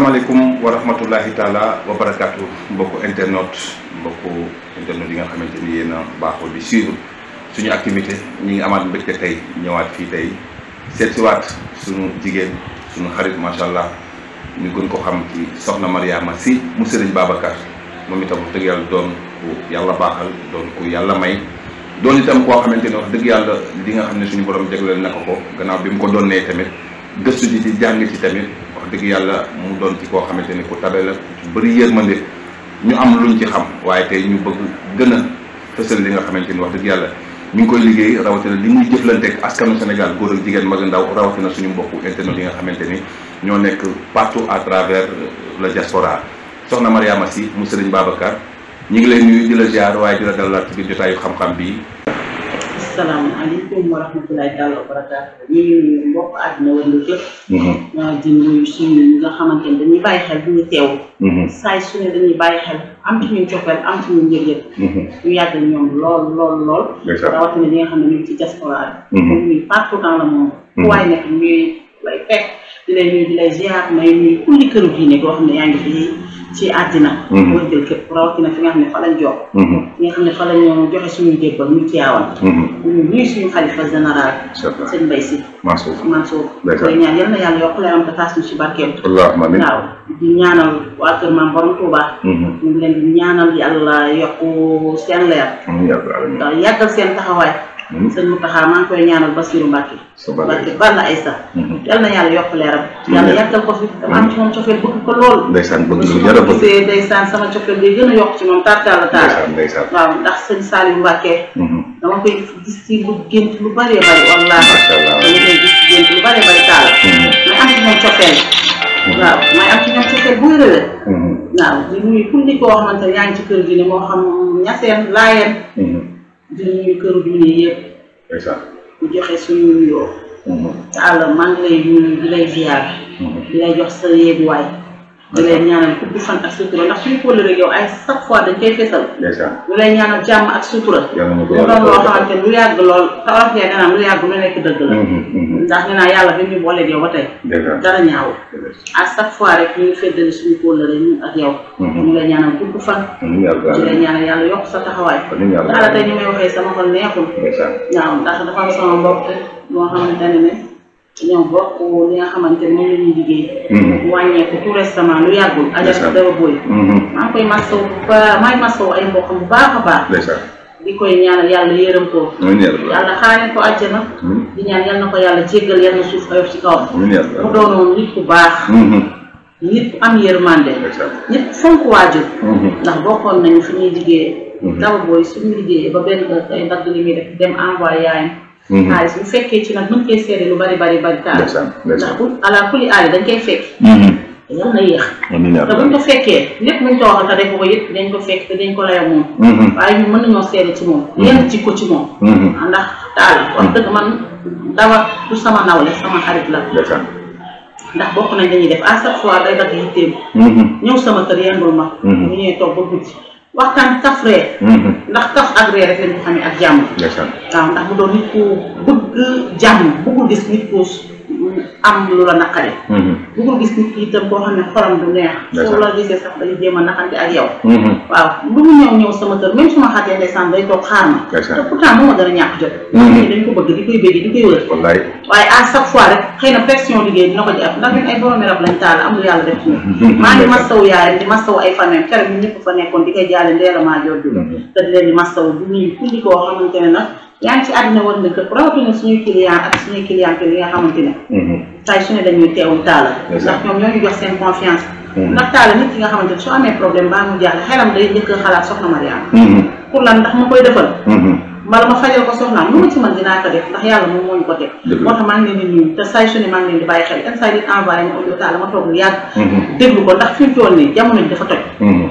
asalaamaaleykum wa rahmatullahi taala wa barakaatu mbokku internaute mbokku internaute yi nga xamante ni yéen a baaxoo di suivre suñu activité ñi ngi amaat mbégte tey ñëwaat fii tey seet sunu jigéen sunu xarit macha allah ñu gën ko xam ci soxna Mariama si mu sëriñ Babacar moom itam wax dëgg yàlla doon ku yàlla baaxal doon ku yàlla may doon itam koo xamante ni wax dëgg yàlla li nga xam ne suñu borom jagleel na ko ko gannaaw bi mu ko doonnee tamit gëstu ji di jàng dëgg yàlla mu doon ci koo xamante ni ku tabe la bëri ma yërmande ñu am luñ ci xam waaye tey ñu bëgg gën a fësal li nga xamante ni wax dëgg yàlla ñu ngi koy liggéey rawatina li muy jëflanteeg askanu Sénégal góor ak jigéen mag ndaw rawatina suñu mbokku internet yi nga xamante ni ñoo nekk partout à travers euh, la diaspora soxna Mariama Sy mu Sëriñ Babacar ñu ngi leen nuyu di la ziar waaye di la dalalaat jotaayu xam-xam bii salaamaaleykum wa rahmatulahi taala wa barakaatu ñu ngi nuyu mhm. nga xamante dañuy bàyyi xel bu ñu teew. Mhm. saay su dañuy bàyyi xel am ci ñun coppeel am ci ñun njëg-njëg. Mhm. ñu yàgg ñoom lool lool lool. rawatina ñi nga xam ne ñu ngi ci diaspora bi. comme ni partout dans le monde. ku waay nekk ñuy fekk di lay nuyu di lay ziar may nuyu kulli këru diine goo xam ne yaa ngi fi. ci àddina. boo mhm. jël képp rawatina fi nga xam ne fa lañ jox. Mhm. fi nga xam ne fa lañu joxe suñu jébbal muy Tiwaawan. ñu mhm. nuyu suñu xalifa général. sëñ Mbaye Sy. Mansour Mansour. koy ñaan yal na yàlla yokk leeram te taas ñu si barkeem. allahumma amiin waaw ñaanal waa kër maam borom Touba. ñaanal yàlla yokk seen leer. yàggal seen taxawaay. sëñ Mountakha maa ngi koy ñaanal Bassirou Mbacke Mbacke Balla Aïssa mhm. yal na yàlla yokk leeram yàlla yàggal ko fi mhm. dama am ci moom cofeel bëgg ko lool ndeysaan bëgg lu jar a bëgg gisee day gën a yokk ci moom tartaala taal waaw ndax sëñ Saliou mhm. lu gént lu bëree bëri wallaahi dama koy gis ci gént lu waaw may am ci moom cofeel bu wérale waaw di nuyu kul ni koo xamante yaa ngi ci kër gi ne moo xam ñaseen laayeen di nuyu këru diine yëpp. ku joxe suñu nuyoo. Mhm. te àll maa ngi lay nuyu di lay ziar. Mhm. di lay jox sa yéeguwaay. di lay ñaanal fois dañ koy fesal. lu lay ñaanal jàmm ak sutura. na ko doon loo xamante lu yàgg lool xawaas yaa nee naa lu yàgg lu nekk dëgg la. Mm-hmm, mm-hmm. ndax nee mm-hmm. yokk sa taxawaay. yàlla tey ñu may waxee sama xol neexul. waaw ndax dafa am sama mbokk moo xamante ne. ñoo bokk li nga xamante ne moom la ñuy liggéey. Mhm. wàññeeku tout récemment lu yàggul. ajal dara booy. maa ngi koy masawu ba maay masawu ay mbokkam bu baax a baax. di koy ñaanal yàlla yërëm ko. yàlla xaaree ko àjjana. di ñaan yal na ko yàlla jéggal yal na suuf ayof doonoon nit ku baax. Mhm. nit ku am yërmande. nit ku fonk waajur. Mhm. ndax bokkoon nañu fi ñuy liggéeyee. dara booy suñu liggéeyee ba benn ay ndagg li muy def dem envoyé yaayam. xaalis bu fekkee ci nag mën cee seede lu bari bari bari taal ndax bu ala kuli aali dañ koy fekk dañoo na yéex te buñ ko fekkee lépp muñ ko waxal te def ko yëpp dañ ko fekk te dañ ko laya moom mhm. waaye ñu mën nañoo seede ci moom mhm. yenn ci ko ci moom mhm. ah, ndax taal wax dëgg man dawa du sama nawle sama xarit la ndax bokk nañ dañuy def à chaque fois day dagg yitteem ñëw sama kër yendul ma ñu ñëwee toog ba guddi waxtaan kaf ree mhm. ndax kaf ak ree rek lañ ko xamee ak jàmm waaw ndax mu doon nit ku jàmm bëggul gis nit ku am lu la naqari. Mm-hmm. bëggul gis nit ki itam koo xam ne xolam du neex. soo la gisee sax day jéem a naqari ak yow. Mm-hmm. waaw bu mu ñëw ñëw sama kër même su ma xaatee ndeysaan day toog xaar ma. te pourtant moo ma gën a ñàkk jot. Mm-hmm. nit ñi dañ ko bëgg di koy bëgg di koy wër. wallaay waaye à chaque fois rek xëy na pression liggéey dina ko jàpp ndax ñun yàlla def ci di mastaw ay famille keroog ñun ñëpp fa nekkoon di koy jaale a maa jooju. te di leen di mastaw bu indi koo xamante ne nag yaa ngi ci àddina war nga këpp rawatina suñuy client ak suñuy cliente yi nga xamante ne mhm. tay su ne dañuy teewul taala mhm. mhm. ko soxnaam ma ci mën moo ñu ko ma audio taala ma toog lu yàgg déglu ko ndax fi mu nii jamono ji dafa toj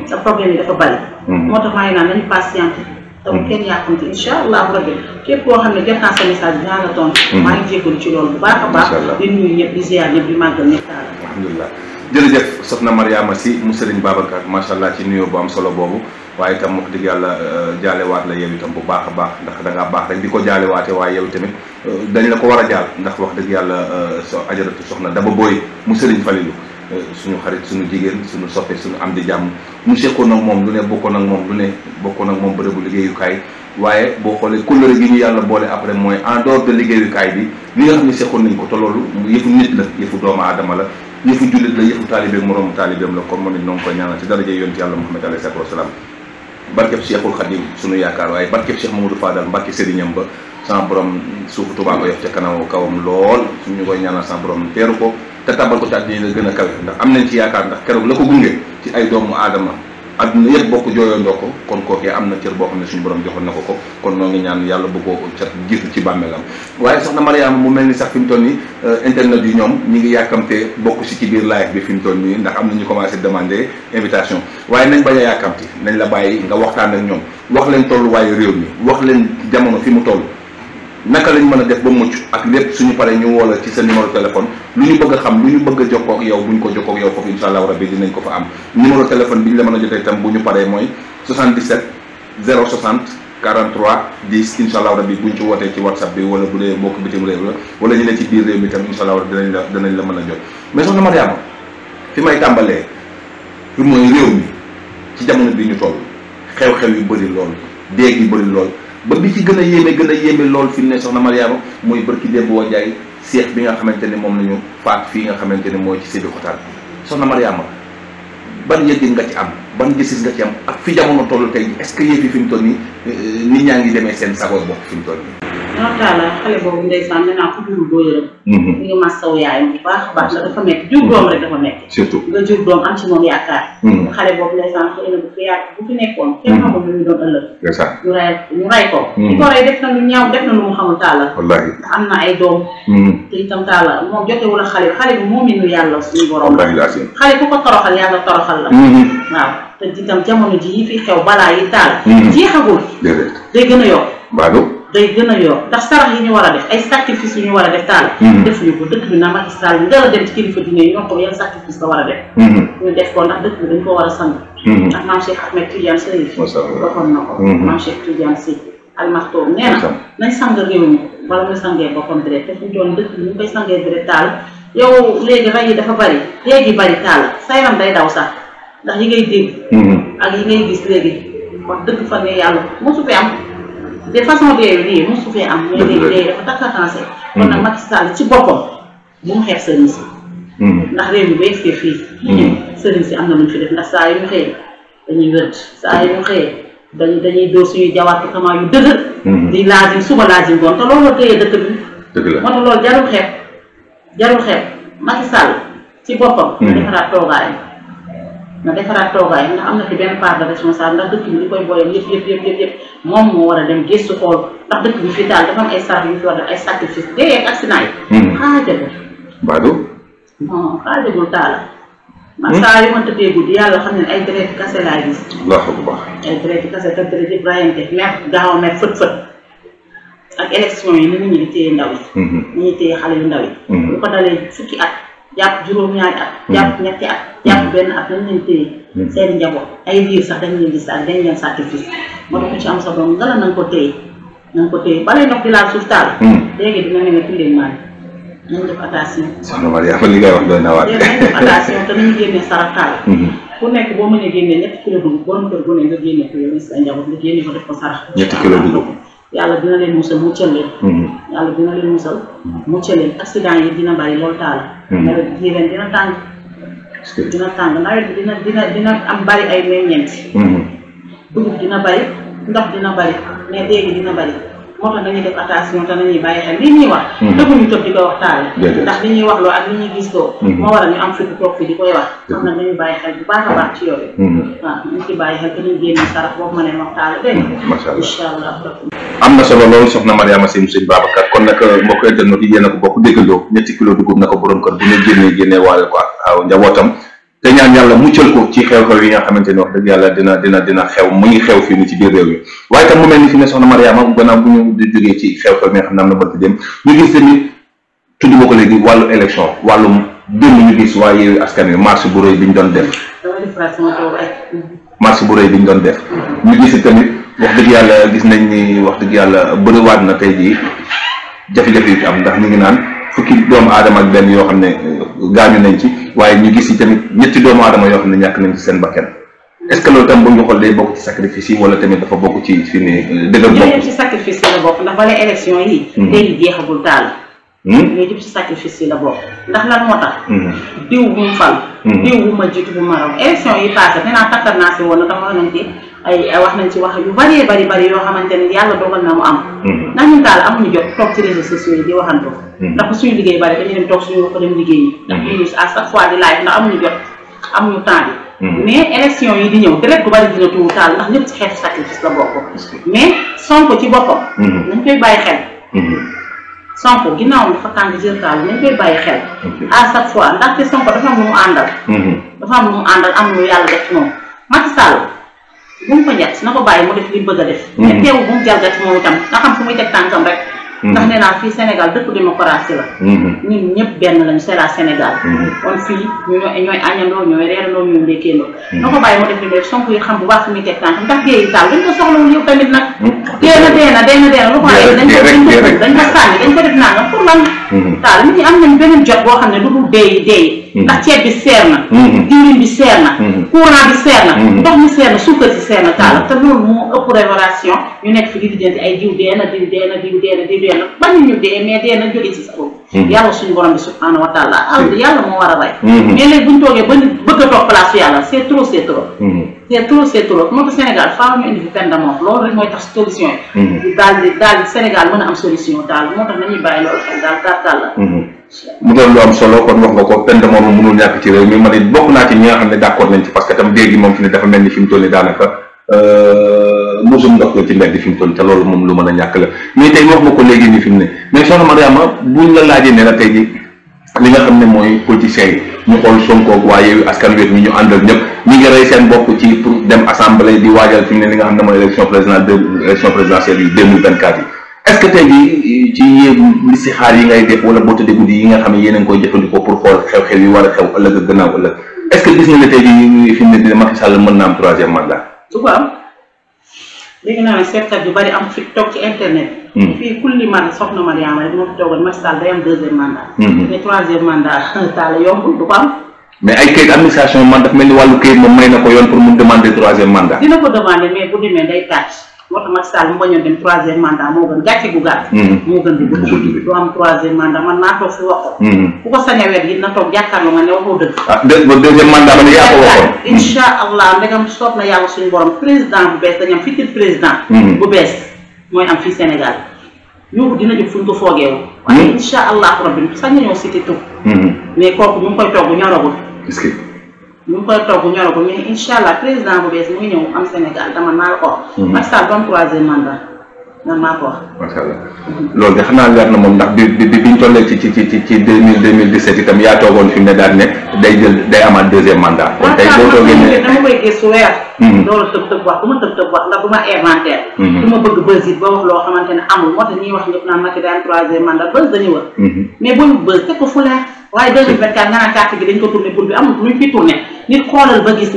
te problème yi dafa bari moo tax maa ngi nañu patienté donc hmm. kenn yàkkamti incha allahu rabbi képp koo xam ne jot naa sa message bi naa la tontu. Hmm. maa ngi jégalu ci loolu bu baax a baax. di nuyu ñëpp di ziar ñëpp di si mu Serigne Babacar macha allah ci nuyoo bu am solo boobu waaye itam wax dëgg yàlla euh, jaalewaat la yow tam bu baax a baax ndax da ngaa baax rek di ko jaalewaate waaye yow tamit euh, dañ la ko war a jaal ndax wax dëgg yàlla euh, so ajaratu soxna Daba booy mu Serigne Falilou. suñu xarit suñu jigéen suñu soppe suñu am di jàmm mu seqoon ak moom lu ne bokkoon ak moom lu ne bokkoon ak moom bërëbu liggéeyukaay waaye boo xoolee couleur gi ñu yàlla boole après mooy en dehors liggéeyukaay bi li nga xam ne seqoon nañ ko te loolu yëfu nit la yëfu doomu aadama la yëfu jullit la yëfu taalibeem moroomu taalibeem la kon moom it noo ngi koy ñaanal ci daraja yonti yàlla Muhammad alayhi salaatu wasalaam barkeb yaakaar waaye barkeb Cheikh Mamadou Fadal mbàkki sëriñam ba sama borom suufu Tuubaa ko yox ca kanamu kawam lool koy ñaanal sama borom teeru ko te tabal ko ci àddina la gën a kawe ndax am nañ ci yaakaar ndax keroog la ko gunge ci ay doomu aadama àdduna yëpp bokk jooyandoo ko kon kookee am na cër boo xam ne suñu boroom joxoon na ko ko kon noo ñaan yàlla bu ko cat jiitu ci bàmmeelam waaye soxna Mariama mu mel ni sax mu toll nii euh, internet yi ñoom ñi ngi yàkkamte bokk si ci biir live bi fi mu toll nii ndax am na ñu commencé demander invitation waaye nañ bañ a yàkkamti nañ la bàyyi nga waxtaan ak ñoom wax leen tollu tolluwaayu réew mi wax leen jamono fi mu toll naka lañ mën a def ba mucc ak lépp suñu paree ñu woo la ci sa numéro téléphone lu ñu bëgg a xam lu ñu bëgg a jokkoo ak yow bu ñu ko jokkoo ak yow foofu incha allah rabi dinañ ko fa am numéro téléphone bi ñu la mën a jotee itam bu ñu paree mooy 77 060 43 10 incha allah rabi bu ñu ci wootee ci whatsapp bi wala bu dee mbokk bitim réew la wala ñu ne ci biir réew mi tam incha allah rabi la dinañ la mën a jot mais soxna Mariama fi may tàmbalee fi mooy réew mi ci jamono bi ñu toll xew-xew yu bëri lool dégg yi bëri lool ba bi ci gën a yéeme gën a yéeme lool fi mu ne soxna Mariama mooy bërki démb woo jaay seex bi nga xamante ne moom lañu faat fii nga xamante ne mooy ci séddu xotaan soxna Mariama ban yëg nga ci am ban gis-gis nga ci am ak fi jamono tollu tey est-ce que yëf fi mu toll nii eh, nit ñaa ngi demee seen sago bopp fi mu toll nii maataala xale boobu ndeysaan nee naa ko jur doo yërëm ñu ngi masaw yaayam bu baax a baax dafa nekk mhm. jur doom rek dafa nekk surtout nga jur doom am ci moom yaakaar mhm. xale boobu ndeysaan xëy na bu fi yaay bu fi nekkoon kenn mhm. xamul lu ñu doon ëllëg ñu ray ko ñu ko na mu xamul taala wallaahi na ay doom te itam taala moom jotewul a xale bi xale bi moo yàlla suñu borom la xale ku ko toroxal yàlla toroxal la waaw te itam ji yi fi xew balaa yi taal jeexagul day gën a yokk day gën a yor ndax sarax yi ñu war a def ay sacrifice yu ñu war a def taal hmm. defuñu ko dëkk bi na magistral yi nga a dem ci kilifa diine yi ñoo ko yan sacrifice la war a def hmm. ñu def ko ndax dëkk bi war a sang hmm. ndax maam Cheikh Ahmed Tidiane Sy waxoon ko maam Cheikh Tidiane Sy almartoom nee na nañ sang réew dëkk bi ñu koy sangee direct taal yow léegi rey yi dafa bari léegi bari taal sa yaram day daw sax ndax yi ngay dégg ak yi ngay gis léegi wax fa ne yàlla mosu fi am de façon de lii mosu fee am. mais léegi léegi dafa takk avancé. kon nag Macky Sall ci boppam bu mu xeeb sëriñ si. ndax réew mi ba yegg fii. Mm-hmm. sëriñ si am na lu ñu fi def ndax saa yu ñu xëyee dañuy wërd saa yu ñu xëyee dañuy dañuy dóor suñuy jawaatu kamaa yu dëgër. Mm-hmm. di laajim suba laajim ngoon te loolu la téye dëkk bi. moo tax loolu jarul xeeb jarul xeeb Macky Sall ci boppam. Mm-hmm. defaraat toogaayam. na defaraat toogaay ndax am na fi benn part de responsable ndax dëkk bi li koy booyee yëpp yëpp moom moo war a dem gëstu xool ndax dëkk bi fi taal dafa am ay sart yu fi war yi hmm. xaajagul baadu hmm? xam ne ay deret kase laa gis allahu akbar ay deret kase te deret yëpp rayante mer gaaw a mer fët fët ak élection yi ni nit ñi di ndaw yi hmm, ni ñuy téye xale yu ndaw yi lu ko dalee fukki at jàpp juróom-ñaari at. jàpp hmm. ñetti at. jàpp hmm. benn at dañ leen téye. Hmm. seen njaboot ay diir sax dañ leen di sax dañ leen sacrifice. moo tax ku ci am sa doom nga la na nga ko téye na nga ko téye balay ndox di laal suuf taal. léegi dina ne nga tuddee maan nañ def attention. soxna Mariama li ngay wax doy na waat. nañ def attention te nañu génnee sarataal. ku nekk boo mënee génnee ñetti kilo dugub borom kër gu ne nga génne ko yow sa njaboot nga génne ko def ko sarax. ñetti kilo dugub yàlla dina leen musal muccal leen. Mhm. yàlla dina leen musal. muccal leen accident yi dina bari lool taal. Mhm. nawet ji dina tàng. dina tàng nawet dina dina dina am bari ay meññeent. Mhm. dugub dina bari ndox dina bari mais léegi dina bari. moo tax dañuy def attention te nañuy bàyyi xel mm-hmm. li ñuy wax dëgguñu mm-hmm. tëb di koy wax loo ak ñu na bàyyi xel bu baax a baax ci yooyu mm-hmm. waaw ñu ci bàyyi xel te nañ génne sarax boobu ma ne waxtaane dégg nga allah am na solo loolu soxna Mariama Sène sëñ Babacar kon nag euh, mbokk internet yi yéen a ko bokk déggandoo ñetti kilo ko borom kër bu génnee génnee waale ko ak ah, te ñaan yàlla muccal ko ci xew-xew yi nga xamante ni wax dëgg yàlla dina dina dina xew mu ngi xew fii ni ci biir réew mi waaye tam mu mel ni fi ne soxna Mariama bu ñu di ci xew-xew bi nga xam ne am na bëgg dem ñu gis tamit tudd ko léegi wàllu élection wàllum démb ñu gis waa Yewwi Askan Wi marche bu rëy bi ñu doon def marche bu rëy bi ñu doon def ñu gis tamit wax dëgg yàlla gis nañ ni wax dëgg yàlla bëriwaat na tey jii jafe-jafe yi fi am ndax ñu ngi naan fukki doomu aadama ak benn yoo xam ne euh, gaañu nañ ci waaye ñu gis yi tamit ñetti doomu aadama yoo xam ne ñàkk nañ ci seen bakkan est-ce que loolu tam bu ñu xool day bokk ci sacrifice yi wala tamit dafa bokk ci fi ni euh, dëgg bokk ci sacrifice yi la bokk ndax hmm. hmm? la moo tax hmm. diw bu mu fal diw bu ma jiitu bu ma raw élection yi passé nee naa takkal naa si woon na dafa xamante ay wax nañ ci wax yu bëree bëri bëri yoo xamante ne yàlla dogal na mu am. Hmm. ndax ñun daal amuñu jot toog ci réseaux sociaux yi di waxantoo. Hmm. ndax suñu liggéey bëri hmm. yi di ñëw deret gu bëri dina tuuru taal ndax ñëpp ci ci boppam. nañ koy bàyyi xel. Sonko ginnaaw dafa tàng jël taal nañ koy bàyyi xel. à chaque fois ndaxte Sonko dafa am lu mu àndal. am lu mu àndal yàlla def moom Macky Sall bu mu ko njat na ko bàyyi mu def li bëgg a def te mm-hmm. teewu bu mu jalgati moom itam nga xam fu muy teg tànkam rek mm-hmm. ndax nee fii Sénégal dëkk démocratie la mm-hmm. ñun ñëpp benn lañu c'est la Sénégal kon fii ñu ñooy ñooy añandoo ñooy reerandoo ñooy ndékkeendoo na ko bàyyi mu def li mu def Sonko xam bu baax fu muy teg tànkam ndax dee yi taal dañ ko soxlawul yow tamit nag deena deena deena deena lu ko ay dañ ko dañ dañ ko sànni dañ ko def nangam pour lan taal nit ñi boo xam ne lu dul dee yi Mm-hmm. ndax ceeb bi seer na mm-hmm. diwlin bi seer na mm-hmm. courant bi seer na ndox mi seer na suukar si seer na taal te loolu moo ëpp révélation ñu nekk fi di diggante ay diw dee na diw dee na diw dee na diw dee na bañ ñu dee mais dee na jóge ci sa kaw yàlla suñu borom bi subhaanahu wa taala al yàlla moo war a rey mais léegi bu ñu toogee ba bëgg a toog place yàlla c'est trop c'est trop c'est trop c'est trop moo tax Sénégal faaw ñu indi fi peine de mort loolu rek mooy tax solution yi daal di daal Sénégal mën a am solution daal moo tax nañuy bàyyi loolu daal daal daal la mu doon lu am solo kon wax nga ko peine de mort moom mënul ñàkk ci réew mi man it bokk naa ci ñi nga xam ne d' nañ ci parce que tam dégg moom fi ne dafa mel ni fi mu toll nii daanaka euh, mosum ndox la ci mbedd fi mu toll loolu moom lu mën a ñàkk la mais tey wax nga ko léegi nii la laajee ne la tey li nga xam ne mooy politiciens yi ñu xool Sonko ak waa Yewwi Askan Wi ñu àndal ñëpp ñu ngi rey seen bopp ci pour dem assemblée di waajal fi ne li nga xam ne mooy élection présidentielle élection présidentielle est-ce que tey jii ci listixaar yi ngay def wala boo tëddee guddi yi nga xam ne yéen a ngi koy jëfandikoo pour xool xew-xew yi war a xew ëllëg ak gannaaw ëllëg est-ce que gis nga ne tey jii fi mu ne Macky Sall mën am troisième mandat. su naa ne seetkat yu bari am hmm. man soxna Mariama rek am deuxième mandat. Hmm. mais troisième mandat taala yomb du ko am. mais ay kayit administration man daf mel ni wàllu kayit moom may na ko yoon pour mu demander troisième mandat. dina ko demander mais bu demee day tàcc. moo tax Macky Sall mu bañoon dem troisième mandat moo gën gàcce gu gàtt. Mm-hmm. moo gën di gudd. Mm-hmm. Mm-hmm. du am troisième mandat man naa toog fi wax ku ko sañee wet na toog jàkkaarloo ma ne waxoo dëgg. ah dé deuxième ne yaa ko na yàlla suñu borom président bu bees dañu am fitil président. bu bees mooy am fii Sénégal ñoo dina jóg fuñ ko foogee waaye incha allah rabbi sañ nañoo cité tur. mais kooku ñu koy togg ñoragul. mu ngi koy togg ñoro ko mais incha allah président bu bees mu ngi ñëw am Sénégal dama naa la ko wax. Macky Sall troisième mandat. man maa ko wax. de xanaa leer na moom ndax bi bi bi ñu tollee ci ci ci ci deux mille deux mille dix sept itam yaa toogoon fi ne daal ne day jël day amaat deuxième mandat. kon tey boo toogee tëb tëb wax du ma tëb tëb wax ndax du ma inventaire. du ma bëgg bës it ba wax loo xamante ne amul moo tax ñuy wax ñëpp naan Macky daan troisième mandat bës dañu war. mais bu ñu bës teg ko fulaar waaye deux mille vingt quatre nga naan carte gi dañ ko tourné pour bi amul luñ fi tourné nit xoolal ba gis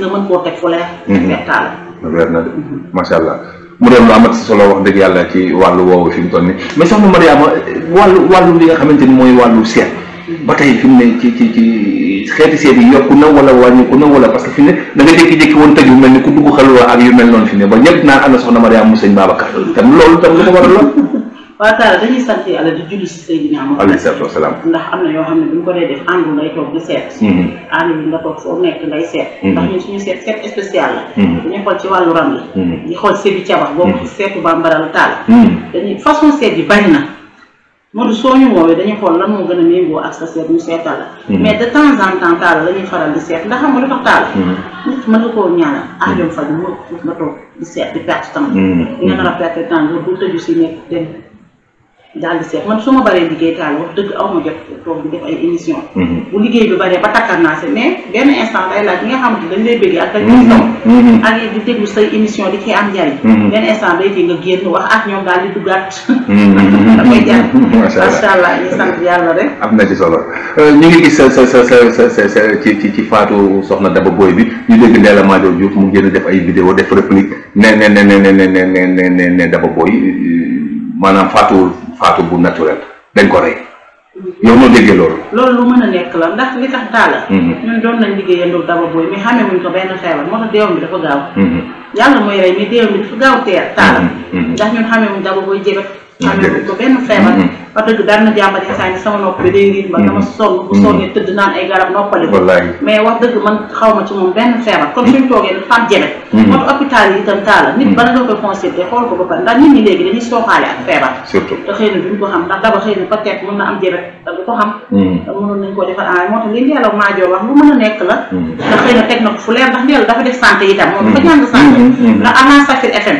mu doon lu amati solo wax dëgg yàlla ci wàllu woowu fi mu toll nii soxna Mariama wàllu wàllu li nga xamante ni mooy wàllu seet ba tey fi mu ne ci ci ci xeeti seet yi yokku na wala wàññiku na wala parce fi ne da nga jékki woon tëj mel ni ku dugg xalwa ak yu mel noonu fi ne ba ñëpp naan am na soxna Mariama mu sëñ Babacar tam loolu tam lu ko waral waa taal dañuy sant yàlla di julli si Seydina Muhammad alayhi salaatu wasalaam ndax am na yoo xam ne bu ñu ko dee def àndul ngay toog di seet mhm. ànd bi nga toog foo nekk ngay seet mhm. ndax ñun suñu seet seet spécial la mhm. dañuy xool ci wàllu ram yi di seet bi cabax boo ko seetu bambara la taal dañuy façon seet yi bari na moo du soo ñu woowee dañuy xool lan moo gën a méngoo ak sa seet ñu seetal la mais de temps en temps taal la ñuy faral di seet ndax xam nga lu tax taal nit mën koo ñaanal ajoom ah, faju moo nga toog di seet di perte temps nga nar a perte temps nga du tëju si daal di seet man su baree liggéey taal wax dëgg aw ma jot toog di def ay émission mhm. bu liggéey bi baree ba takkar naa si mais benn instant day laaj ñi nga xamante dañ bëgg ak dañ lay saw mhm. mhm. ak di déglu say émission di ci am njariñ benn instant day fi nga génn wax ak ñoom daal di duggaat dafay jar macha allah ñu sant yàlla rek am na ci solo euh, ñu ngi gis sa sa sa sa sa sa ci ci ci faatu soxna Daba Boy bi ñu dégg Ndella Madior Diouf mu génn def ay vidéo def réplique ne ne ne ne ne ne ne ne ne Daba Boy euh, maanaam faatuwul faatu bu naturel dañ ko rey yow noo déggee loolu. loolu lu mën a nekk la ndax li tax daala. Mhm. ñun doon nañ liggéeyandoo daba booy mais xamee muñ ko benn feebar moo tax deewam bi dafa gaaw. Mhm. yàlla mooy rey mais deewam bi dafa gaaw teel taala. Mhm. ndax ñun xamee daba booy jébet. Ah, xamee ko benn feebar. wax dëgg daan na jàmbat instant sama nopp bi day riir ma dama mm-hmm. sonn bu sonnee mm-hmm. tëdd naan ay dafa am jebe mm-hmm. yi itam ba pare ndax nit ñi léegi dañuy sooxaale ak feebar surtout te xëy na duñ ko ah, a nekk la moom dafa jàng santé ndax am Safir FM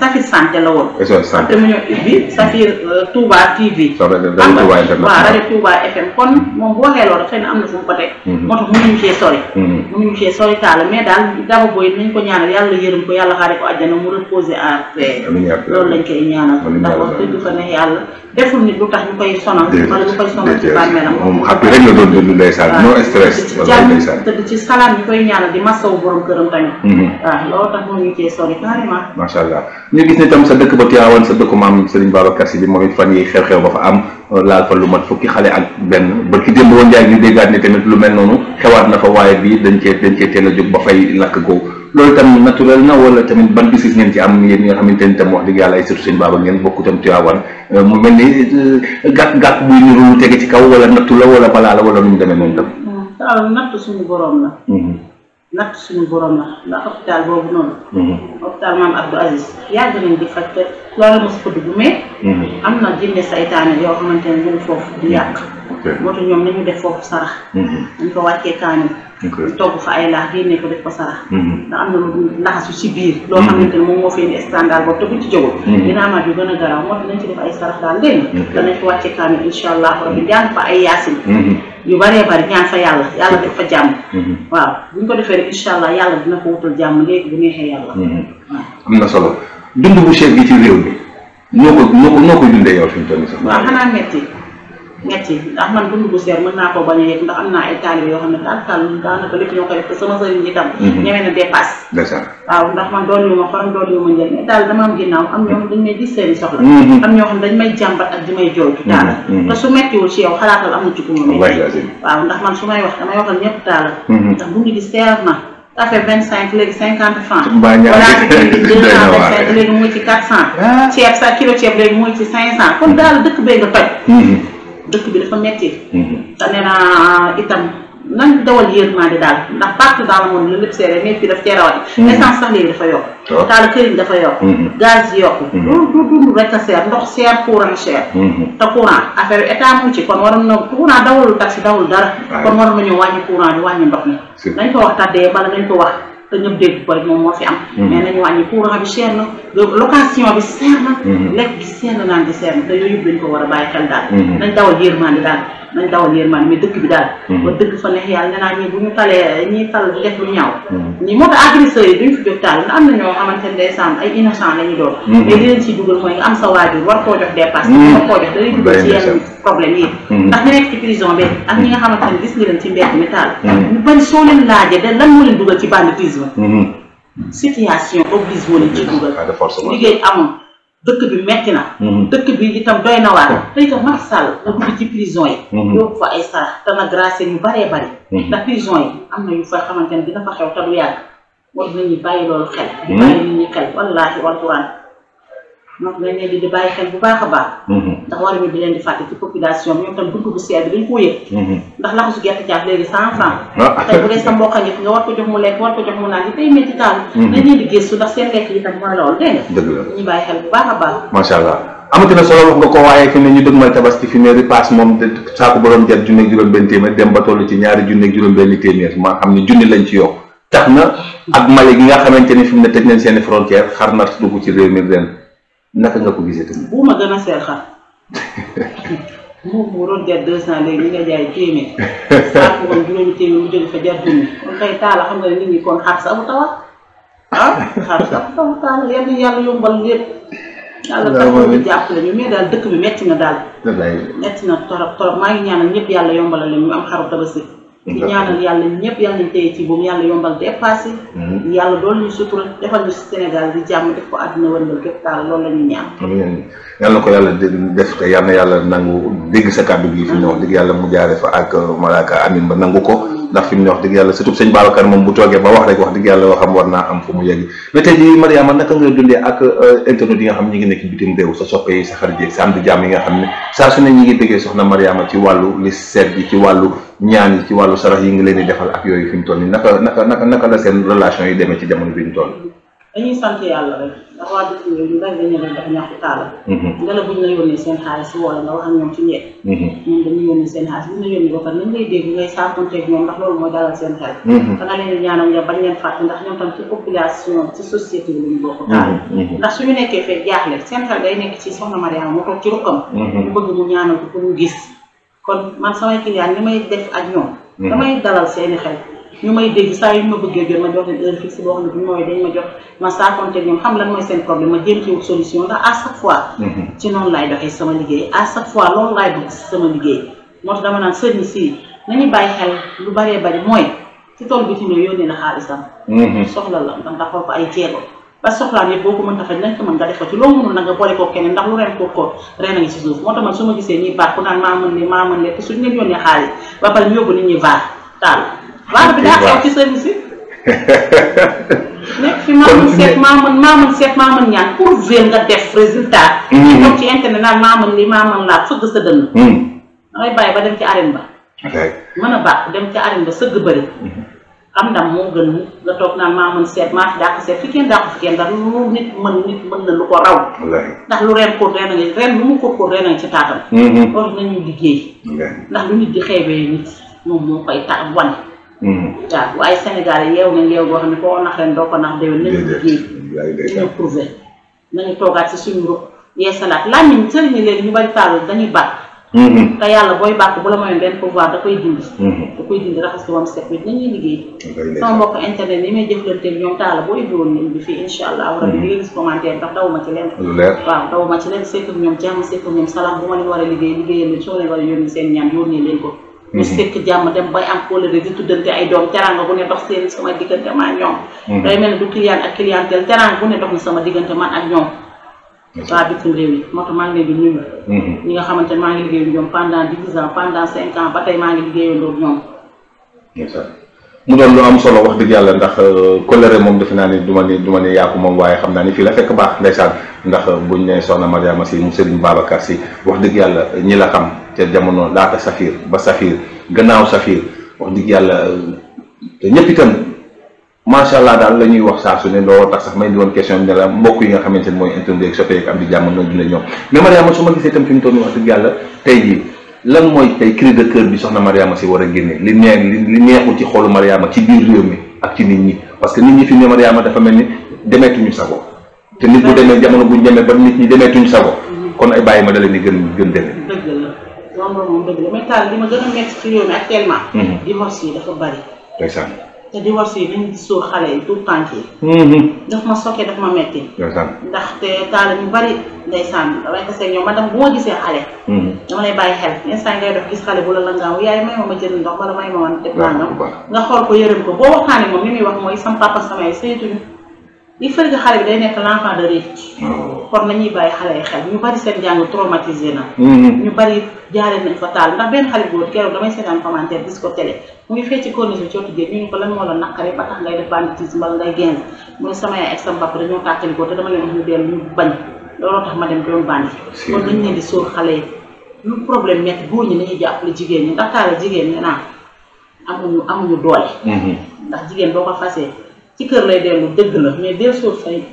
Safir santé la woon après mu ñëw ubbi Safir euh, Touba TV ci rajo Touba FM kon moom boo xeeloo rek xëy na am na fu mu ko teg mhm. moo mu mënuñu cee sori mhm. mënuñu cee sori taala mais daal daba booy nañ ko ñaanal yàlla yërëm ko yàlla xaare ko àjjana mu reposer à paix loolu lañ koy ñaanal ndax wax dëgg fa ne yàlla deful nit lu tax ñu koy sonal. wala ñu koy sonal ci bàmmeelam. moom xàppi rek la doon dund ndeysaan no stress. wala ndeysaan tëdd ci salaam ñu mhm. allah ñu gis ne tam sa dëkk ba Tivaouane sa dëkk maam Serigne Babacar Sy bi moom it fan yi xew-xew ba fa am laal fa lu mat fukki xale ak benn ba ki démb woon njaay ñu déggaat ne tamit lu mel noonu xewaat na fa waaye bii dañ cee dañ cee teel a jóg ba fay lakk googu loolu tam naturel na wala tamit ban gis-gis ngeen ci am yéen ñi nga xamante ni tam wax dëgg yàlla ay surtout seen baaba ngeen bokk tam Tiwaawan euh, mu euh, ci kaw wala la wala balaa la wala nu hmm. ah, hmm. hmm. am na jinne saytaane yoo xamante ne foofu du yàq. moo tax ñoom nañu def foofu sarax. dañ ko wàccee kaani ñu togg fa ay laax génne ko def ko sarax mhm. ndax am na lu laxasu si biir loo mhm. xamante ne moom moo fee ni standard boobu te buñ ci jógul mhm. dina amaat yu gën a garaaw moo tax nañ ay sarax daal dégg nga danañ fa wàcce kaamil incha allah rabbi jàng fa ay yaasin yu baree bari ñaan fa yàlla yàlla def fa jàmm waaw buñ ko defee rek incha allah yàlla dina ko wutal jàmm léegi bu neexee yàlla am na solo dund bu cher gi ci waaw xanaa metti métti ndax man dund bu seer mën naa koo bañ a ndax am naa ay taalibe yoo xam ne daal taal daanaka lépp ñoo koy def te sama sëriñ itam mhm. ñemee na dépasse ma xorom doon yu ma njël mais daal dama am ginnaaw am ñoom dañ may gis seen soxla mhm. am ñoo xam ne mhm. te su méttiwul ci yow xalaatal am na ci ku waaw ndax man su may wax damay waxal ñëpp taal ndax bu ngi seer na café vingt cinq léegi cinquante francs walaati bi deux cent vingt cinq léegi mu ngi ci quatre cent ah. ceeb sa kilo ceeb léegi mu ngi ci cinq cent kon daal dëkk bee nga toj dëkk bi dafa metti mhm. te nee naa itam nan dawal yërmande daal ndax partout dans le monde la lépp seere mais fii daf cee rawat mhm. essence sax léegi dafa yokk ah. taal këriñ dafa yokk mhm. gaz yokk du dund rek a seer ndox seer courant cher te courant affaire bi état mu ci kon waroon na courant dawalul taxi dawul dara kon waroon nañu wàññi courant bi wàññi ndox mi nañ ko wax tàddee bala nañ ko wax te ñëpp dégg ko rek moom moo am. Mhm. mais nañu wàññi courant bi cher na location bi seer na. Mhm. lekk gi seer na naan gi seer na ko war a bàyyi xel daal. Mhm. a dawal yërmande daal. nañ dawal yërmande mais dëkk bi daal mhm. ba dëgg fa neex yàlla nga naan ñi bu ñu talee ñiy tal di def lu ñaaw mhm. ñi moo tax agresseurs yi duñ fi taal nga am na ñoo xamante ne ndeysaan ay innocent la ñu doon mhm. mais li leen siy dugal mooy am sa war koo jox dépasse war koo jox dalay dugal ci yenn problème yi ndax ñu nekk ci prison bi ak ñi nga xamante ci mbedd mi taal ñu bañ soo leen laajee da moo leen dugal ci banditisme situation oblige ci dugal ah, liggéey amul dëkk bi metti na. Mhm. dëkk bi itam doy na waar. Mhm. tey itam Macky Sall na dugg ci prison yi. Mhm. yóbbu fa ay sarax te na grâce yu baree bari. ndax prison yi am na yu fa xamante ne dina fa xew te yàgg. war nañu bàyyi loolu xel. di bàyyi nit ñi xel wallaahi wal Quraan. moom nga di bàyyi xel bu baax a baax. ndax war bi di leen di fàtte ci population bi tam dugg bu seer bi mhm. ndax laxasu gerte caaf léegi cent franc ah, ah. tey bu dee sa mbokk a ngi nga war ko jox mu lekk war ko jox mu naan yi tey métti taal mhm. dañ leen di gëstu ndax seen lekk yi nga xel bu baax a baax macha allah amati na solo wax nga ko waaye fi ne ñu dëgmal tabaski fi ne ripaas moom saako borom jar junneeg juróom dem ba toll ci ñaari junneeg juróom benn téeméer maa xam ne junni lañ ci yokk tax na ak Mali gi nga xamante ni fi mu ne tëj nañ seeni frontière xar na dugg ci réew ko gisee mu mu doon jar deux cent léegi ñu nga jaay téeméer saako woon juróomi téeméer mu jóge fa jar junni kon xam nga ne nit ñi kon xar sa bu tawat ah xar sa bu taw taala yombal lépp yàlla taxaw ñu jàppale ñu mais daal dëkk bi metti na daal metti na torop torop maa ngi ñaanal ñëpp yàlla yombalal leen ñu am xaru tabaski di ñaanal yàlla ñëpp yàlla nañ tey ci boobu yàlla yombal dépassé. Mm-hmm. yàlla doolu ñu sutura defal ñu si Sénégal di jàmm def ko àdduna wërngal képp taal loolu ñaan. amiin ko yàlla def te yal na yàlla nangu dégg sa kàddu gi fi ñëw dégg yàlla mu jaare fa ak euh, malaaka amin ba nangu ko. ndax fi mu ne wax dëgg yàlla surtout sëñ Babacar moom bu toogee ba wax rek wax dëgg yàlla waxam war naa am fu mu yegg mais tey jii Mariama naka nga dundee ak euh, internet yi nga xam ñi ngi nga xam ne saa su ne ñi ngi déggee soxna Mariama ci wàllu li seet yi ci wàllu ñaan yi ci wàllu sarax yi ngi leen di defal ak yooyu fi mu toll nii naka naka naka naka la seen relation yi demee ci jamono bi ñu toll dañuy sant yàlla rek ndax waa dëkk yooyu ñu bari dañu leen def ñaxu taala mhm. nga la buñ la yónnee seen xaalis wala nga wax ak ñoom ci ñeet mhm. ñoom dañuy yónnee seen xaalis buñ la yónnee ba pare nañ lay dégg ngay saakonteeg ñoom ndax loolu mooy dalal seen xel danga mhm. leen di ñaanal nga bañ fàtte ndax ñoom tam ci population ci société bi lañu bokk taal ndax suñu nekkee fekk jaaxle seen xel day nekk ci soxna Mariama moo toog ci rukkam mu bëgg mu ñaanal ko pour mu gis kon man samay client li may def ak ñoom damay dalal seeni xel ñu may dégg saa yu ñu ma bëggee jot ma jox leen heure fixe boo xam ne bu ñu ma woowee dañ ma jox ma saakonte ñoom xam lan mooy seen problème ma jéem ci wut mhm. sama liggéey à chaque fois loolu laay bëgg liggéey moo tax dama naan sëriñ si nañu bàyyi xel lu baree bari mooy ci tool bi ci ñëw yónnee la xaalisam. Mhm. soxla la ndax dafa ko ay jéego. ba soxlaan yëpp boo ko mën a faj nañ ko mën nga def ko ci loo mënul nag nga boole ko keneen ndax lu ren ko ko ren a ngi ci suuf moo tax man su ma gisee ñuy baat ku naan maa mën ne maa mën ne te suñ leen xaalis ba pare ñu yóbbu nit ñi vaar taal waa bi daa xew ci sëriñ si nekk fi maa mën seet maa mën maa mën seet maa mën ñaan pour ver nga def résultat moom mm. ci internet naan maa mën li maa laa fëgg sa dënn mm. dangay bàyyi ba dem ci arène ba mën a bàq dem ci arène ba sëgg bëri mm-hmm. am ndam moo gën mu nga toog naan maa mën seet maa fi dàq seet fi kenn dàq fi kenn ndax lu nit mën nit mën na lu ko raw ndax lu ren kóot a nga ren lu mu kóot kóot ren nga ci taatam mm-hmm. loolu nañu liggéey ndax lu nit di xeebee nit moom moo Mm. waaw waaye Sénégal yeew nañ yeew boo xam ne koo nax ren doo ko nax déwén nañu liggéey ñu prouvé nañu toogaat si suñu ruq yee salaat laaj booy bàkk bu la mayoon benn pouvoir da koy dindi mm-hmm. da koy dindi yi may jëflanteeg ñoom taala boo ibbiwoon ñu bi fii insha allah mm-hmm. ci leen waaw dawuma ci leen seetul ñoom jàmm seetul ñoom leen ko ñu sekk jàmm dem bay am kóolare di tuddante ay doom teranga bu ne dox seen sama diggante ma ak ñoom. Mhm. day mel ne du client ak clientèle teranga bu ne dox na sama diggante man ak ñoom. waa bitim réew yi moo tax maa ngi leen di nuyu. Mhm. ñi nga xamante ne maa ngi liggéeyu ñoom pendant dix ans pendant cinq ans ba tey maa ngi liggéeyandoo ak ñoom. mu doon lu am solo wax dëgg yàlla ndax colère euh, moom defe naa ni du ma ni du ma ni yaaku moom waaye xam naa ni fii la fekk baax ndeysaan ndax euh, buñ ne soxna Mariama si mu Serigne si wax dëgg yàlla euh, ñi la xam ca jamono laata Safir ba Safir gannaaw Safir dëgg yàlla ñëpp itam macha allah daal la ñuy wax saa su ne looloo tax sax may di woon question bi ne la mbokk yi nga xamante ne mooy intondé ak soppeek am di jàmm noonu dina ñëw mais Mariama su ma gisee itam fi mu toll wax dëgg yàlla tey jii lan mooy tey cri de cœur bi soxna Mariama si war a génne li neex li neexu ci xolu Mariama ci biir réew mi ak ci nit ñi parce que nit ñi fi ne Mariama dafa mel ni demeetuñu sago te nit bu demee jamono buñ demee ba nit ñi demeetuñu sago mhm. kon ay bàyyi ma da leen di gën gën demee. dëgg la loolu moom dëgg la mais taal li ma gën a métti ci réew mi actuellement. Mhm. divorce yi dafa bari. ndeysaan. te divorce yi dañuy sóor xale yi tout le temps mhm. daf ma sokkee daf ma métti. ndeysaan ndaxte taal ndeysaan damay ko seeg ñoom man tam bu ma gisee xale. Hmm. dama bàyyi xel instant ngay dox gis xale bu la la ngaaw yaay may ma ma jënd ndox wala may ma woon def moom li muy wax mooy sam papa sama yaay saytuñu il faut que xale bi day nekk l'enfant de rêve hmm. kon nañuy bàyyi xale yi xel ñu bari seen jàng traumatisé na hmm. ñu bari jaaree nañ fa taal mu ngi fecc corniche bi cootu géej ñu ko lan moo la naqari ba tax ngay def banditisme wala ak sama papa dañoo tàkkali ko te dama leen wax ñu dellu bañ looloo tax ma dem doon bandi kon nañ leen di sóor xale yi lu problème boo ñu góor ñi jàpp jàppale jigéen ñi ndax jigéen ñi naan am amuñu doole mm-hmm. ndax jigéen boo ko fasee ci kër lay dellu dëgg la mais deel sóor say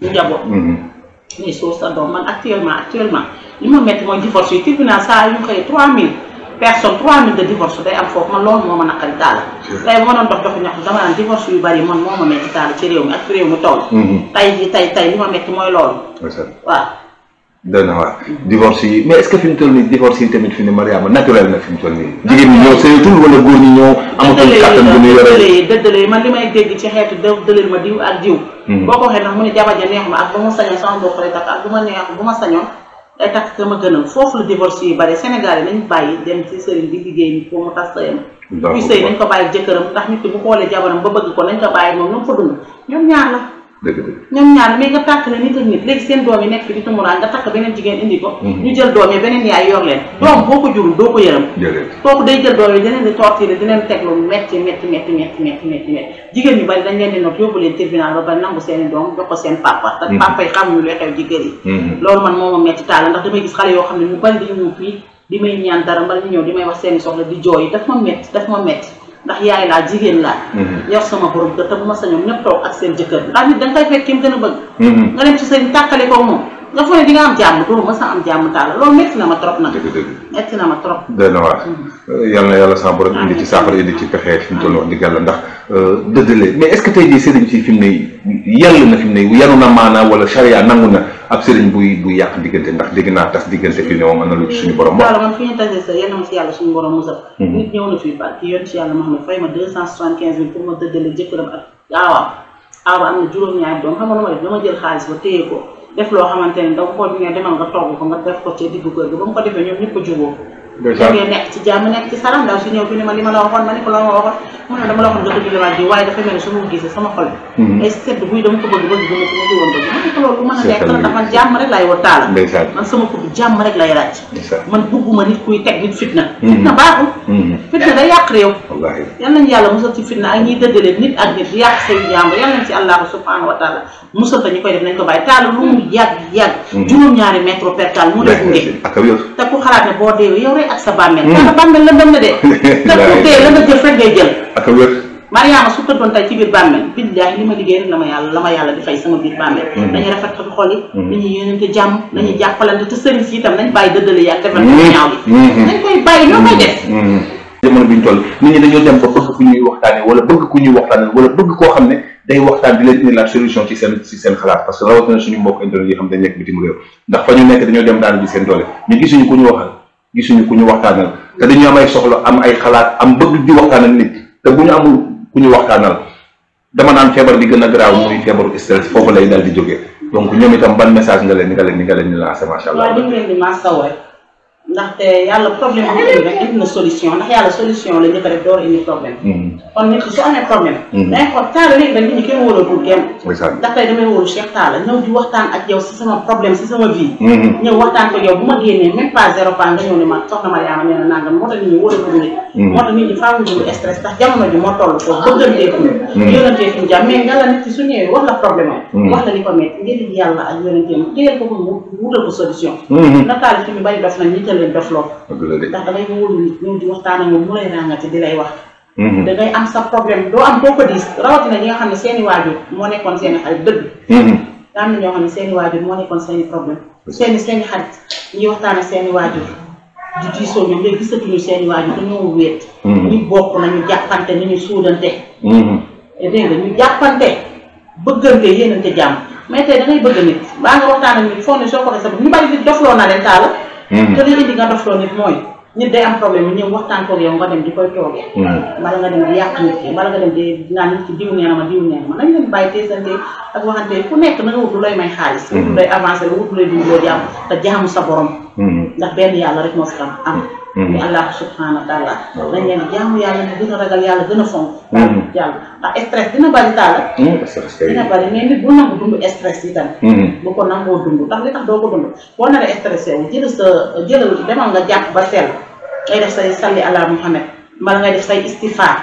ñu njaboot mais mm-hmm. sóor sa doom man actuellement actuellement li ma métti mooy divorce yi tribunal saa yu xëy 3000 personnes 3000 de divorce day am foofu ma loolu moo a naqari daal tey bu a doon dox dox ñax dama naan divorce yu bari man moo ma metti taal ci réew mi ak réew mu toll. Mhm. tey ji tay tey li ma metti mooy loolu. waaw. na waar mhm. divorce yi mais est-ce tamit fi ne Mariama na fi mu toll nii. jigéen ñi ñoo sëyatul wala góor ñi ñoo. amatul man li may dégg ci xeetu dëddaleel ma diw ak diw. Mhm. boo ko waxee mu ja neex ma ak bu ma sañoon sama mbokk bu ma neex bu ma sañoon ay takk ka ma gënal foofu la divorce yu bare Sénégal yi nañ bàyyi dem ci sëriñ bi liggéey pour mu tas sëyam kuy sëy nañ ko bàyyi jëkkëram ndax nit ki bu xoolee jabaram ba bëgg ko nañ ko bàyyi moom na mu fa ñoom ñaar la dëgg ñaan ñoom ñaar mais nga tàkkale nit ak nit léegi seen doom yi nekk fi di tumuraan nga takk beneen jigéen indi ko mhm. ñu jël doom yi beneen yaay yor leen mhm. doom boo ko jurul doo ko yërëm kooku day jël doom yi di leen di torturer di leen teg lu metti metti metti metti metti metti jigéen ñu bari dañ leen di not yóbbu leen tribunal ba bari nangu seen i doom jox ko seen papa te mhm. papa yi xamuñu lu xew ci kër yi loolu man moo ma metti taal ndax damay gis xale yoo xam ne ñu bari di may ñaan dara mbala ñu ñëw di may wax seen soxla di jooy daf ma metti daf metti ndax yaay laa jigéen laa mm-hmm. yor sama borom kër te bu ma sañoon ñëpp toog ak seen jëkkër ndax nit da nga koy fekk ki mu gën a bëgg mm-hmm. nga dem ci sëñ tàqale ko moom nga foog ne di am jàmm doo a am loolu métti na ma trop nag. dëgg dëgg ma trop. day na waar yal na yàlla sa borom indi ci saafara ci pexe fi mu toll wax dëgg yàlla ndax euh, tey jii sëriñ si fi mu ne yàlla na fi mu ne yanu na maanaa wala charia nangu na ab sëriñ buy buy yàq diggante ndax dégg naa tas diggante fi ne moom a na lu suñu borom wax. Mm-hmm. nit ñëw fii ba ci yoon si yàlla Muhammad fay ma deux def dama jël xaalis ba téye def loo xamante ne da nga koo ne demal nga togg ko nga def ko ci diggu kër gi ba mu ko defee ñoom ñëpp ko juboo ndeysaan ngeen nekk ci jàmm nekk ci salaam ndaw si ñëw fi ne ma li ma la ma ne ko la ma waxoon mu ne dama la waxoon nga la julliwaat ji waaye dafa mel ni su ma gisee sama xol ay sedd buy dama ko bëgg bëgg dama ko a nekk la ndax man jàmm ko jàmm rek lay laaj man bugguma nit kuy teg nit fitna mm-hmm. fitna baaxul mm-hmm. fitna day yàq réew yal nañ yàlla musal ci fitna ak ñiy dëddaleen nit ak nit yàq say jàmm yal nañ ci allahu subhanahu wa taala musal dañu koy def nañ ko bàyyi taala lu mu yàgg yàgg mm-hmm. juróom-ñaari mètre percal mu def nge te ku xalaat ne boo yëpp ak sa bàmmeel. sa dem mm. na de. te ku dee su tëddoon tey ci biir bàmmeel billaahi li ma liggéey rek la ma yàlla la ma yàlla di fay sama biir bàmmeel. dañuy mm. mm. rafetlu xol yi. dañuy yéeneente jàmm dañuy jàppalante te sëriñ si itam nañ bàyyi dëddale yàlla defal ko ñaaw bi. dañ koy bàyyi ñoo koy def. jamono bi ñu toll nit ñi dem koo xam ne day waxtaan di leen indi la solution ci seen ci seen xalaat parce que rawatina suñu mbokk internet yi xam daan bi seen doole ñu gisuñu ku ñu waxal gisuñu ku ñu waxtaanal te ñu am ay soxla am ay xalaat am bëgg di waxtaanal nit te bu ñu amul ku ñu waxtaanal dama naan feebar bi gën a garaaw mooy feebaru stress foofu lay dal di jógee donc ñoom itam ban message nga leen nga leen nga leen ni lancé macha allah. waaw dañu leen di ndaxte yàlla problème bu ñu rek indi solution ndax yàlla solution la ñu ko def door indi problème. Mm-hmm. kon nit ki su amee problème. da ngay xool taal léegi da nit ñi kenn wóolootul kenn. ndax tey damay wóolu Cheikh Talla ñëw di waxtaan ak yow si mm-hmm. ma nit ñi ko mu wutal ko solution. Mm-hmm. ndax taal fi ñu bari dof na leen dofloo. dëgg ndax da ngay wóolu nit ñëw di waxtaan ak moom mu mhm. da ngay sa problème doo am doo ko diis nga xam ne seen i moo nekkoon seen i xarit dëgg. daa mhm. am na ñoo xam ne seen i waajur moo nekkoon seen i problème seen i i xarit ñuy waxtaan ak seen i waajur i waajur dañoo wéet. Mhm. ñu bokk nañu jàppante ni ñu suudante. dégg nga ñu jàppante bëggante yéenante jàmm mais tey da ngay bëgg nit baa nga waxtaan ak nit foog soo ko defee ñu bari dofloo na leen taala Mm. te li nga dofloo nit mooy nit day am problème bi ñëw waxtaan koog yow nga dem di koy toogee mm. bala nga dem di yàq nit ki bala nga dem di naan nit ki diw nee na ma diw nee na ma nañ leen bàyyi teesante ak waxante ku nekk na nga wut lu may xaalis wut lu mm-hmm. lay avancé wut lu lay dund loo te jaamu sa borom mm-hmm. ndax benn yàlla rek moo fi am am mm. mu allah subhanahu wa taala dañ leen jaamu yàlla ñu gën a ragal yàlla gën a fonk yàlla mm. ndax stress dina bari taala mm, dina dund stress yi tam mm. bu ko nangoo dund ndax li tax doo ko dund boo nar a stressé sa jëlal demal nga jàpp ba sell ngay def say salli ala muhammad mbala ngay def say istifaar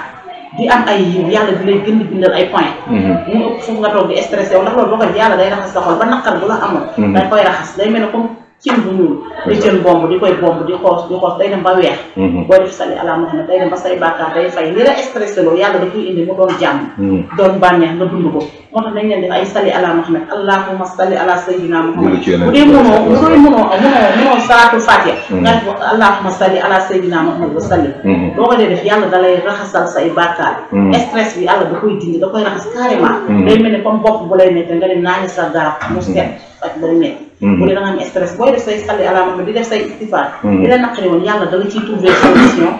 di am ay yiw yàlla di lay gën bindal ay point foofu mm-hmm. nga toog di stressé wu ndax loolu boo ko yàlla day raxas sa xol ba naqar bu la amoon mm-hmm. day koy raxas day mel ne comme cin bu ñuul di jël bomb di koy bomb di xoos di xoos day dem ba weex mhm. boo def sali ala Muhammad day dem ba say bàkkaar day fay yàlla da koy indi mu doon jàmm mhm. ko moo tax nañ leen def ay sali ala Muhammad allahumma salli ala sayyidina Muhammad bu dee mënoo bu dee mënoo mhm. def boo ko dee def yàlla da lay raxasal say bàkkaar stress bi yàlla da koy dindi da koy raxas carrément day mel ne comme bopp bu lay nekk nga dem naani sa garab mu ak lay nekk. bu dee da nga am stress booy def say salli ala Muhammad di def say istifaar. di mm-hmm. la naqari woon yàlla da la ciy trouver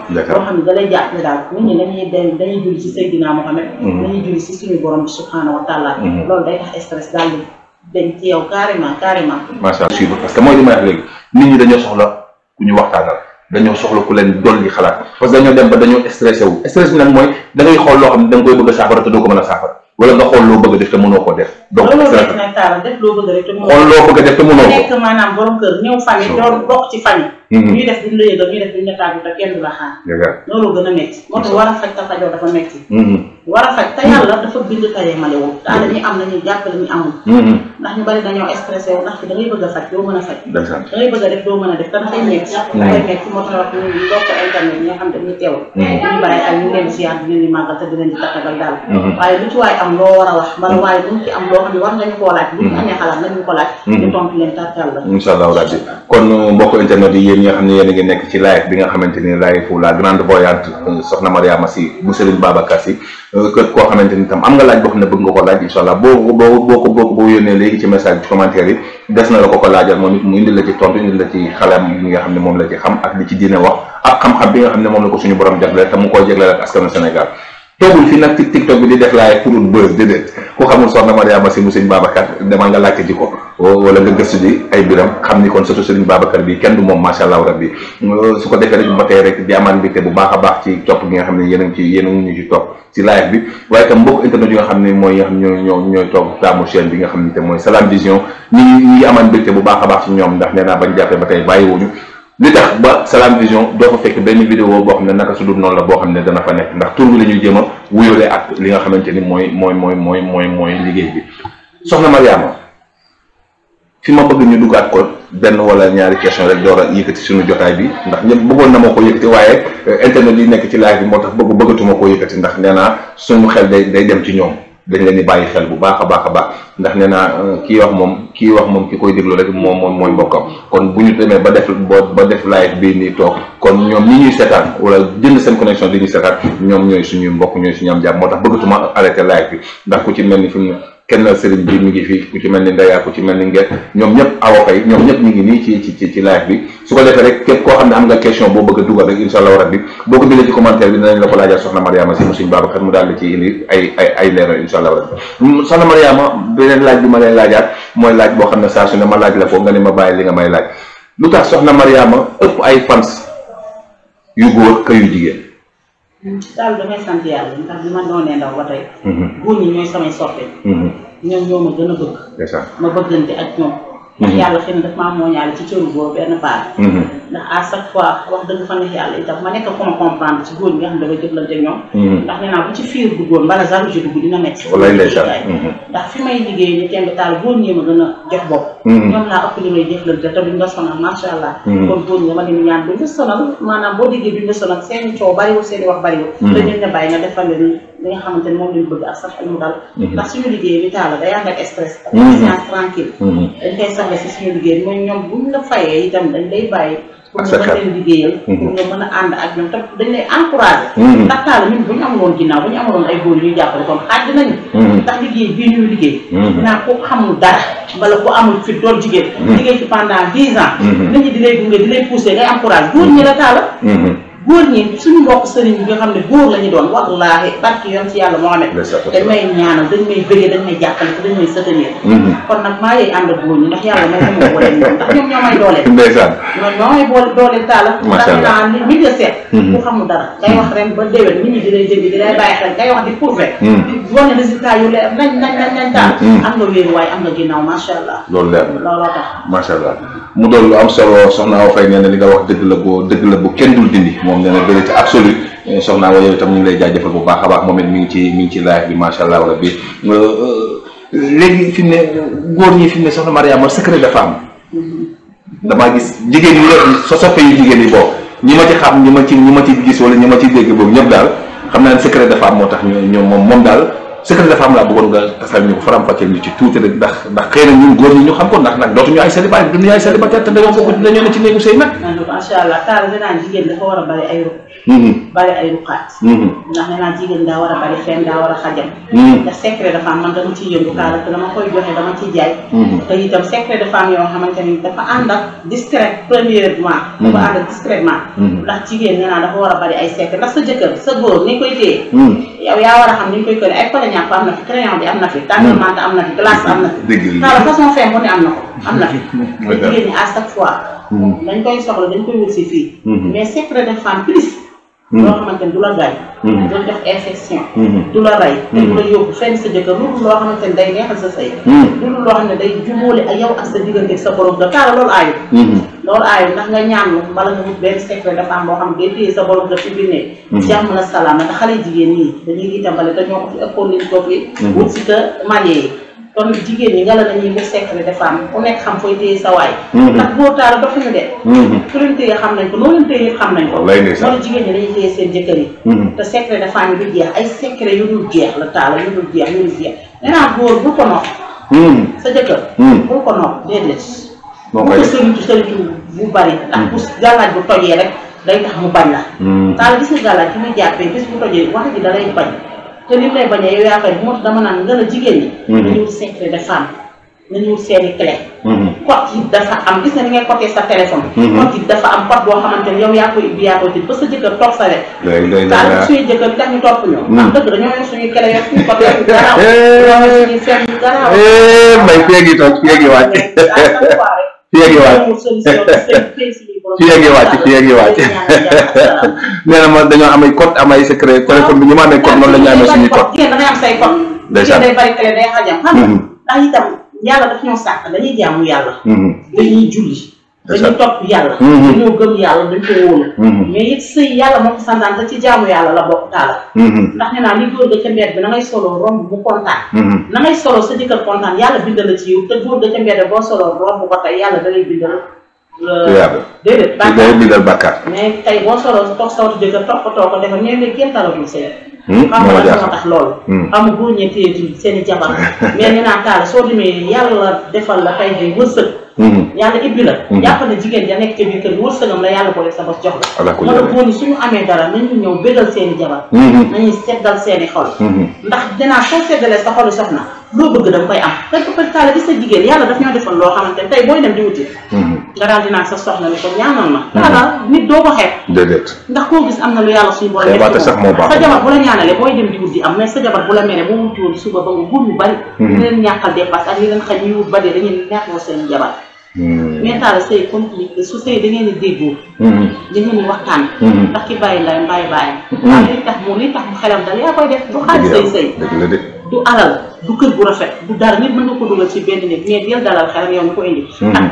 da lay jàppale daal nit ci Seydina Mohamed. Mm-hmm. dañuy julli borom bi subhaanahu wa mm-hmm. day tax stress daal di dañ ci yow carrément carrément. macha allah mooy li ma wax léegi nit ñi dañoo soxla ku ñu waxtaanal. dañoo soxla ku leen dolli xalaat parce que dañoo dem ba dañoo stressé wu stress nag mooy da xool loo xam ne da nga koy bëgg a saafara te doo ko mën a saafara wala nga xool loo bëgg def te mënoo ko def. donc loolu def loo bëgg def te mënoo xool loo bëgg def te mënoo ko. nekk maanaam borom kër ñëw famille doon bokk ci famille. Mm-hmm. ñuy def duñ la yëgal ñuy def duñ la tàggu te kenn du la xaar loolu gën a métti moo tax war a faj te fajoo dafa métti mm-hmm. war a faj te mm-hmm. yàlla dafa bind tayee malewul daal dañuy am nañu jàppale ñu amul ndax ñu bari dañoo stressé wu ndax da ngay bëgg a faj doo mën a faj da ngay bëgg a def doo mën a def te dafay métti dafay métti moo tax wax ñu ndokk internet ñi nga xam dañuy teewal ñu bari ak ñu leen siyaar di leen di màggal te di leen di tàggal daal waaye lu ci waay am loo war a wax mbala waaye buñ ci am loo xam ne war nañu koo laaj buñ amee xalaat nañu ko laaj ñu tontu leen tàggal la yéen ñi nga xam ne yéen a ngi nekk ci live bi nga xamante ni live la grande voyante euh, soxna Mariama Sy bu Serigne Babacar euh, kër koo xamante tam am nga laaj boo xam ne bëgg nga ko laaj incha allah boo boo boo ko boo ko yónnee léegi ci message ci commentaire yi des na la ko ko laajal moom it mu indi la ci tontu indi la ci xalam yi nga xam ne moom la ci xam ak li ci diine wax ak xam-xam bi nga xam ne moom la ko suñu borom jagleel te mu koy jagleel ak askanu Sénégal toogul fii nag ci tiktok bi di def laay pour buzz déedéet ku xamul soxna Mariama Si mu sëñ demal nga laajte ji ko wala nga gëstu ji ay biram xam ni kon surtout sëriñ Babacar bi kenn du moom macha allah rabbi su ko defee rek ba tey rek di amaan mbégte bu baax a baax ci topp gi nga xam ne yéen a ngi ci yéen a ngi ñu ci topp ci live nga xam ne mooy nga ñoo ñoo ñooy toog taamu chaîne bi nga xam ne te mooy Salam Vision ñi ñi amaan mbégte bu baax a baax ci ñoom ndax nee naa bañ jàppee ba tey bàyyi wuñu li tax ba Salam Vision doo fa fekk benn vidéo boo xam ne naka su dul noonu la boo xam ne dana fa nekk ndax tur bi la ñuy jéem ak li nga xamante ni mooy mooy mooy mooy mooy mooy liggéey bi soxna Mariama fi ma bëgg ñu duggaat ko benn wala ñaari question rek doo a yëkkati suñu jotaay bi ndax ñëpp bëggoon na ma ko yëkkati waaye euh, internet yi nekk ci laaj bi moo tax bëgg bëggatuma ko yëkkati ndax nee naa suñu xel day day dem ci ñoom dañ leen di bàyyi xel bu baax a baax a baax ndax nee naa euh, kii wax moom kii wax moom ki koy déglu rek moom moom mooy mbokkam kon bu ñu demee ba def ba def live bii nii toog kon ñoom ñi ñuy seetaan wala jënd seen connexion di ñuy seetaan ñoom ñooy suñuy mbokk ñooy suñu am jàmm moo tax bëggatuma arrêté live bi ndax ku ci mel ni fi mu kenn sëriñ bi mi ngi fi ku ci mel ni Ndeya ku ci mel ni Nguer ñoom ñëpp avocat yi ñoom ñëpp ñu ngi nii ci ci ci live bi su ko defee rek képp koo xam ne am nga question boo bëgg a dugal rek incha allah rabbi boo ko bindee ci commentaire bi dinañ la ko laajal mm, soxna Mariama beneen laaj bi ma lay laajaat mooy laaj boo xam ne saa su ne ma laaj la ko nga ne ma bàyyi li nga may laaj lu tax soxna Mariama ëpp ay fans yu góor ka yu jigéen. daal damay sant yàlla ndax bi ma doonee ndaw ba tey. Mhm. góor ñi ñooy samay soppe. Mhm. ñoom ñoo ma gën a bëgg. ma bëggante ak ñoom. ndax mhm. yàlla xëy na daf mooñaale ci cëru boobu benn part. ndax à chaque fois wax dëgg fa neex yàlla itam ma nekk ku ma comprendre ci góor ñi nga xam ne ndax nee naa ci fiir duggoon mbala jalousie dugg dina métti. walaay ndeysaan ndax fi may taal góor ñi ma gën a jox bopp. ñoom mm-hmm. laa ëpp li may jëflante te duñ la sonal macha allah. Mm-hmm. kon góor ñi dama leen ñaan duñ la sonal maanaam boo déggee duñ la sonal seen coow bariwul seen wax bariwul. Mm-hmm. te nga defal leen li nga xamante ne dañ koy saxee si suñu liggéey mooy ñoom buñ la fayee itam dañ lay bàyyi. pour nga mën leen liggéeyal mhm. pour nga mën a ànd ak ñoom tam dañ lay encouragé mhm. ndax taal ñun bu ñu amoon ginnaaw bu ñu amoon ay góor ñuy jàppale kon xaaj nañu mhm. ndax liggéey bii ñuy liggéey naa ko xamul dara wala ku amul fit doon jigéen liggéey ci pendant dix ans di lay gunge di lay poussé ngay encouragé góor ñi la taala góor ñi suñu mbokk sëriñ bi nga xam ne góor la doon wallaahi barki yoon ci yàlla Mohamed dañ may ñaanal dañ may bëggee dañ may jàppale mm-hmm. kon nag maa yey ànd ak góor ñi ndax yàlla may sama mm-hmm. mm-hmm. am nga wéeru waaye am nga ginnaaw macha allah loolu leer na looloo tax macha allah mu doon lu am solo soxna Awa Faye nee li nga wax dëgg la boo dëgg la bu kenn dul dindi moom dana vérité absolue eh, soxnaa wa yow mu ñu ngi lay jaajëfal bu baax a baax moom it mi ngi ci mi ngi ci live bi macha eh, léegi fi ne góor ñi fi mu ne soxna Mariama secret de femme mm-hmm. damaa gis jigéen ñi soo sa soppe yu jigéen yi boo ñi ma ci xam ñi ma ci ñi ma ci gis wala ñi ma ci dégg boobu ñëpp daal xam naa ne secret de femme moo tax ñu ñoom moom moom daal secret de femme laa bëggoon nga tasal ñu ko faram ñu ci tuuti rek ndax ndax xëy na ñu xam ko ndax nag dootuñu ay célibataire duñu ay te dañoo bokk dañoo ne ci néegu allah taal nga naan jigéen dafa war a ay rukk Mhm. bari ay ruqaat mhm. ndax nee naa jigéen daa war a bari fenn daa war a xajam mhm. ndax secret de femme man dama ciy yëngu kaala te dama koy joxe dama ciy jaay te itam secret de femme yoo xamante ni dafa ànd ak discret premièrement ndax jigéen nee naa dafa war a bari ay secret ndax sa jëkkër sa góor ni koy téye yow yaa war a xam ni koy këri ay pale ñàpp am bi am na fi tàngamante am na fi glace am na fi kaala façon fen bu ne am na ko am na fi jigéen ñi à chaque fois dañ koy soxla dañ koy wut si fii mais secret de femme plus Hmm. loo xamante ni du la gaañ. du hmm. la def infection. Hmm. du la rey. te du la yóbbu fenn sa jëkkër loolu loo xamante ni day neexal sa say. loolu loo xam ne day jubóole ak yow ak sa diggante sa borom daf taala loolu aayu. loolu aayu ndax nga ñaan lu bala nga wut benn secret dafa am xam ne day téye sa borom daf fi bindee. jàmm na salaam ndax xale jigéen ñi dañuy itam bale te ñoo ko fi ëppoon nit yi. kon jigéen ñi nga la dañuy bu secret de femme ku nekk xam fooy téye sa mhm. ndax boo taara dox na de. ku leen xam nañ ko noo leen xam nañ ko. wallay ne sax loolu jigéen ñi dañuy téye seen jëkkër mhm. ay secret yu dul jeex yu dul jeex yu dul jeex nee naa bu ko nopp. Mhm. sa jëkkër. bu ko nopp déedéet. moo koy def bu ko sëritu bu bari. ndax bu gàllaaj bu tojee rek day tax mu bañ la. taala gis nga gàllaaj fi muy jàppee bis bu tojee wax ji da bañ te li lay bañee yow yaa koy dama na nga a jigéen ñi. dañu wut secret de femme dañu wut seeni clé. code yi dafa am gis na ni ngay coté sa téléphone. code yi dafa am code boo xamante ne yow yaa koy ubbi yaa koy tëj ba sa jëkkër toog sa wet. day day day daal suñuy jëkkër tax ñu topp ñu. ndax dëgg dañoo yor suñuy clé yor suñu code yor garaaw. yor suñuy seet yu garaaw. mbay fii ak yi toog fii ak yi wàcc. fii fii ak wàcc fii ak wàcc nee na ma dañoo am ay code am ay secret téléphone bi ñu ma amee da ngay am say code. déjà day bari kër day xajam. xam nga mm-hmm. ndax itam yàlla daf da mm-hmm. mm-hmm. ci jaamu yàlla la bokk taala. ndax nee naa li góor ga bi na ngay solo romb bu kontaan. na ngay solo sa jëkkër kontaan yàlla bindal ci yow te góor ga boo solo romb ko tey yàlla da ngay bindal tuyaaba euh, déedéet bàkkaar day bindal bàkkaar mais tey toog sa watu jëkkër toppatoo ko defar ñeen ne kenn talatuñ seen hmm? xam nga lan moo tax loolu hmm. amul góor ñe téyetul seen i jabar mais nee naa taal soo demee yàlla defal la tey jii wërsëg hmm. yàlla ibbi la jàpp na jigéen ja nekk ca biir kër gi wërsëgam la yàlla ko def sa bos jox la moo tax góor ñi suñu amee dara nañu ñëw bégal seen jabar nañuy seddal seen xol ndax dinaa soo seddalee sa xolu soxna loo bëgg da nga koy am parce que taale bi sa jigéen yàlla daf ñoo defoon loo xamante ne tey booy dem di wuti mm-hmm. nga daal di sa soxna ni ko ñaanal ma taala mm-hmm. nit doo ko ndax koo gis am na lu yàlla suñu borom xeebaate sax moo baax sa jabar bu dem di wuti am mais sa jabar bu la meree ba nga góor bari ñu mm-hmm. leen ñàkkal dépasse ak ñi leen xañ ñuy wut su sëy da ngeen di déggoo da ngeen di waxtaan ndax ki bàyyi lay mbàyyi bàyyi waaw li tax moom li tax mu xelam dal yaa koy def bu xaaj sëy sëy du alal du kër bu rafet du dara nit mën na ko dugal ci benn nit mais del dalal xelam yow mi ko indi mhm. ak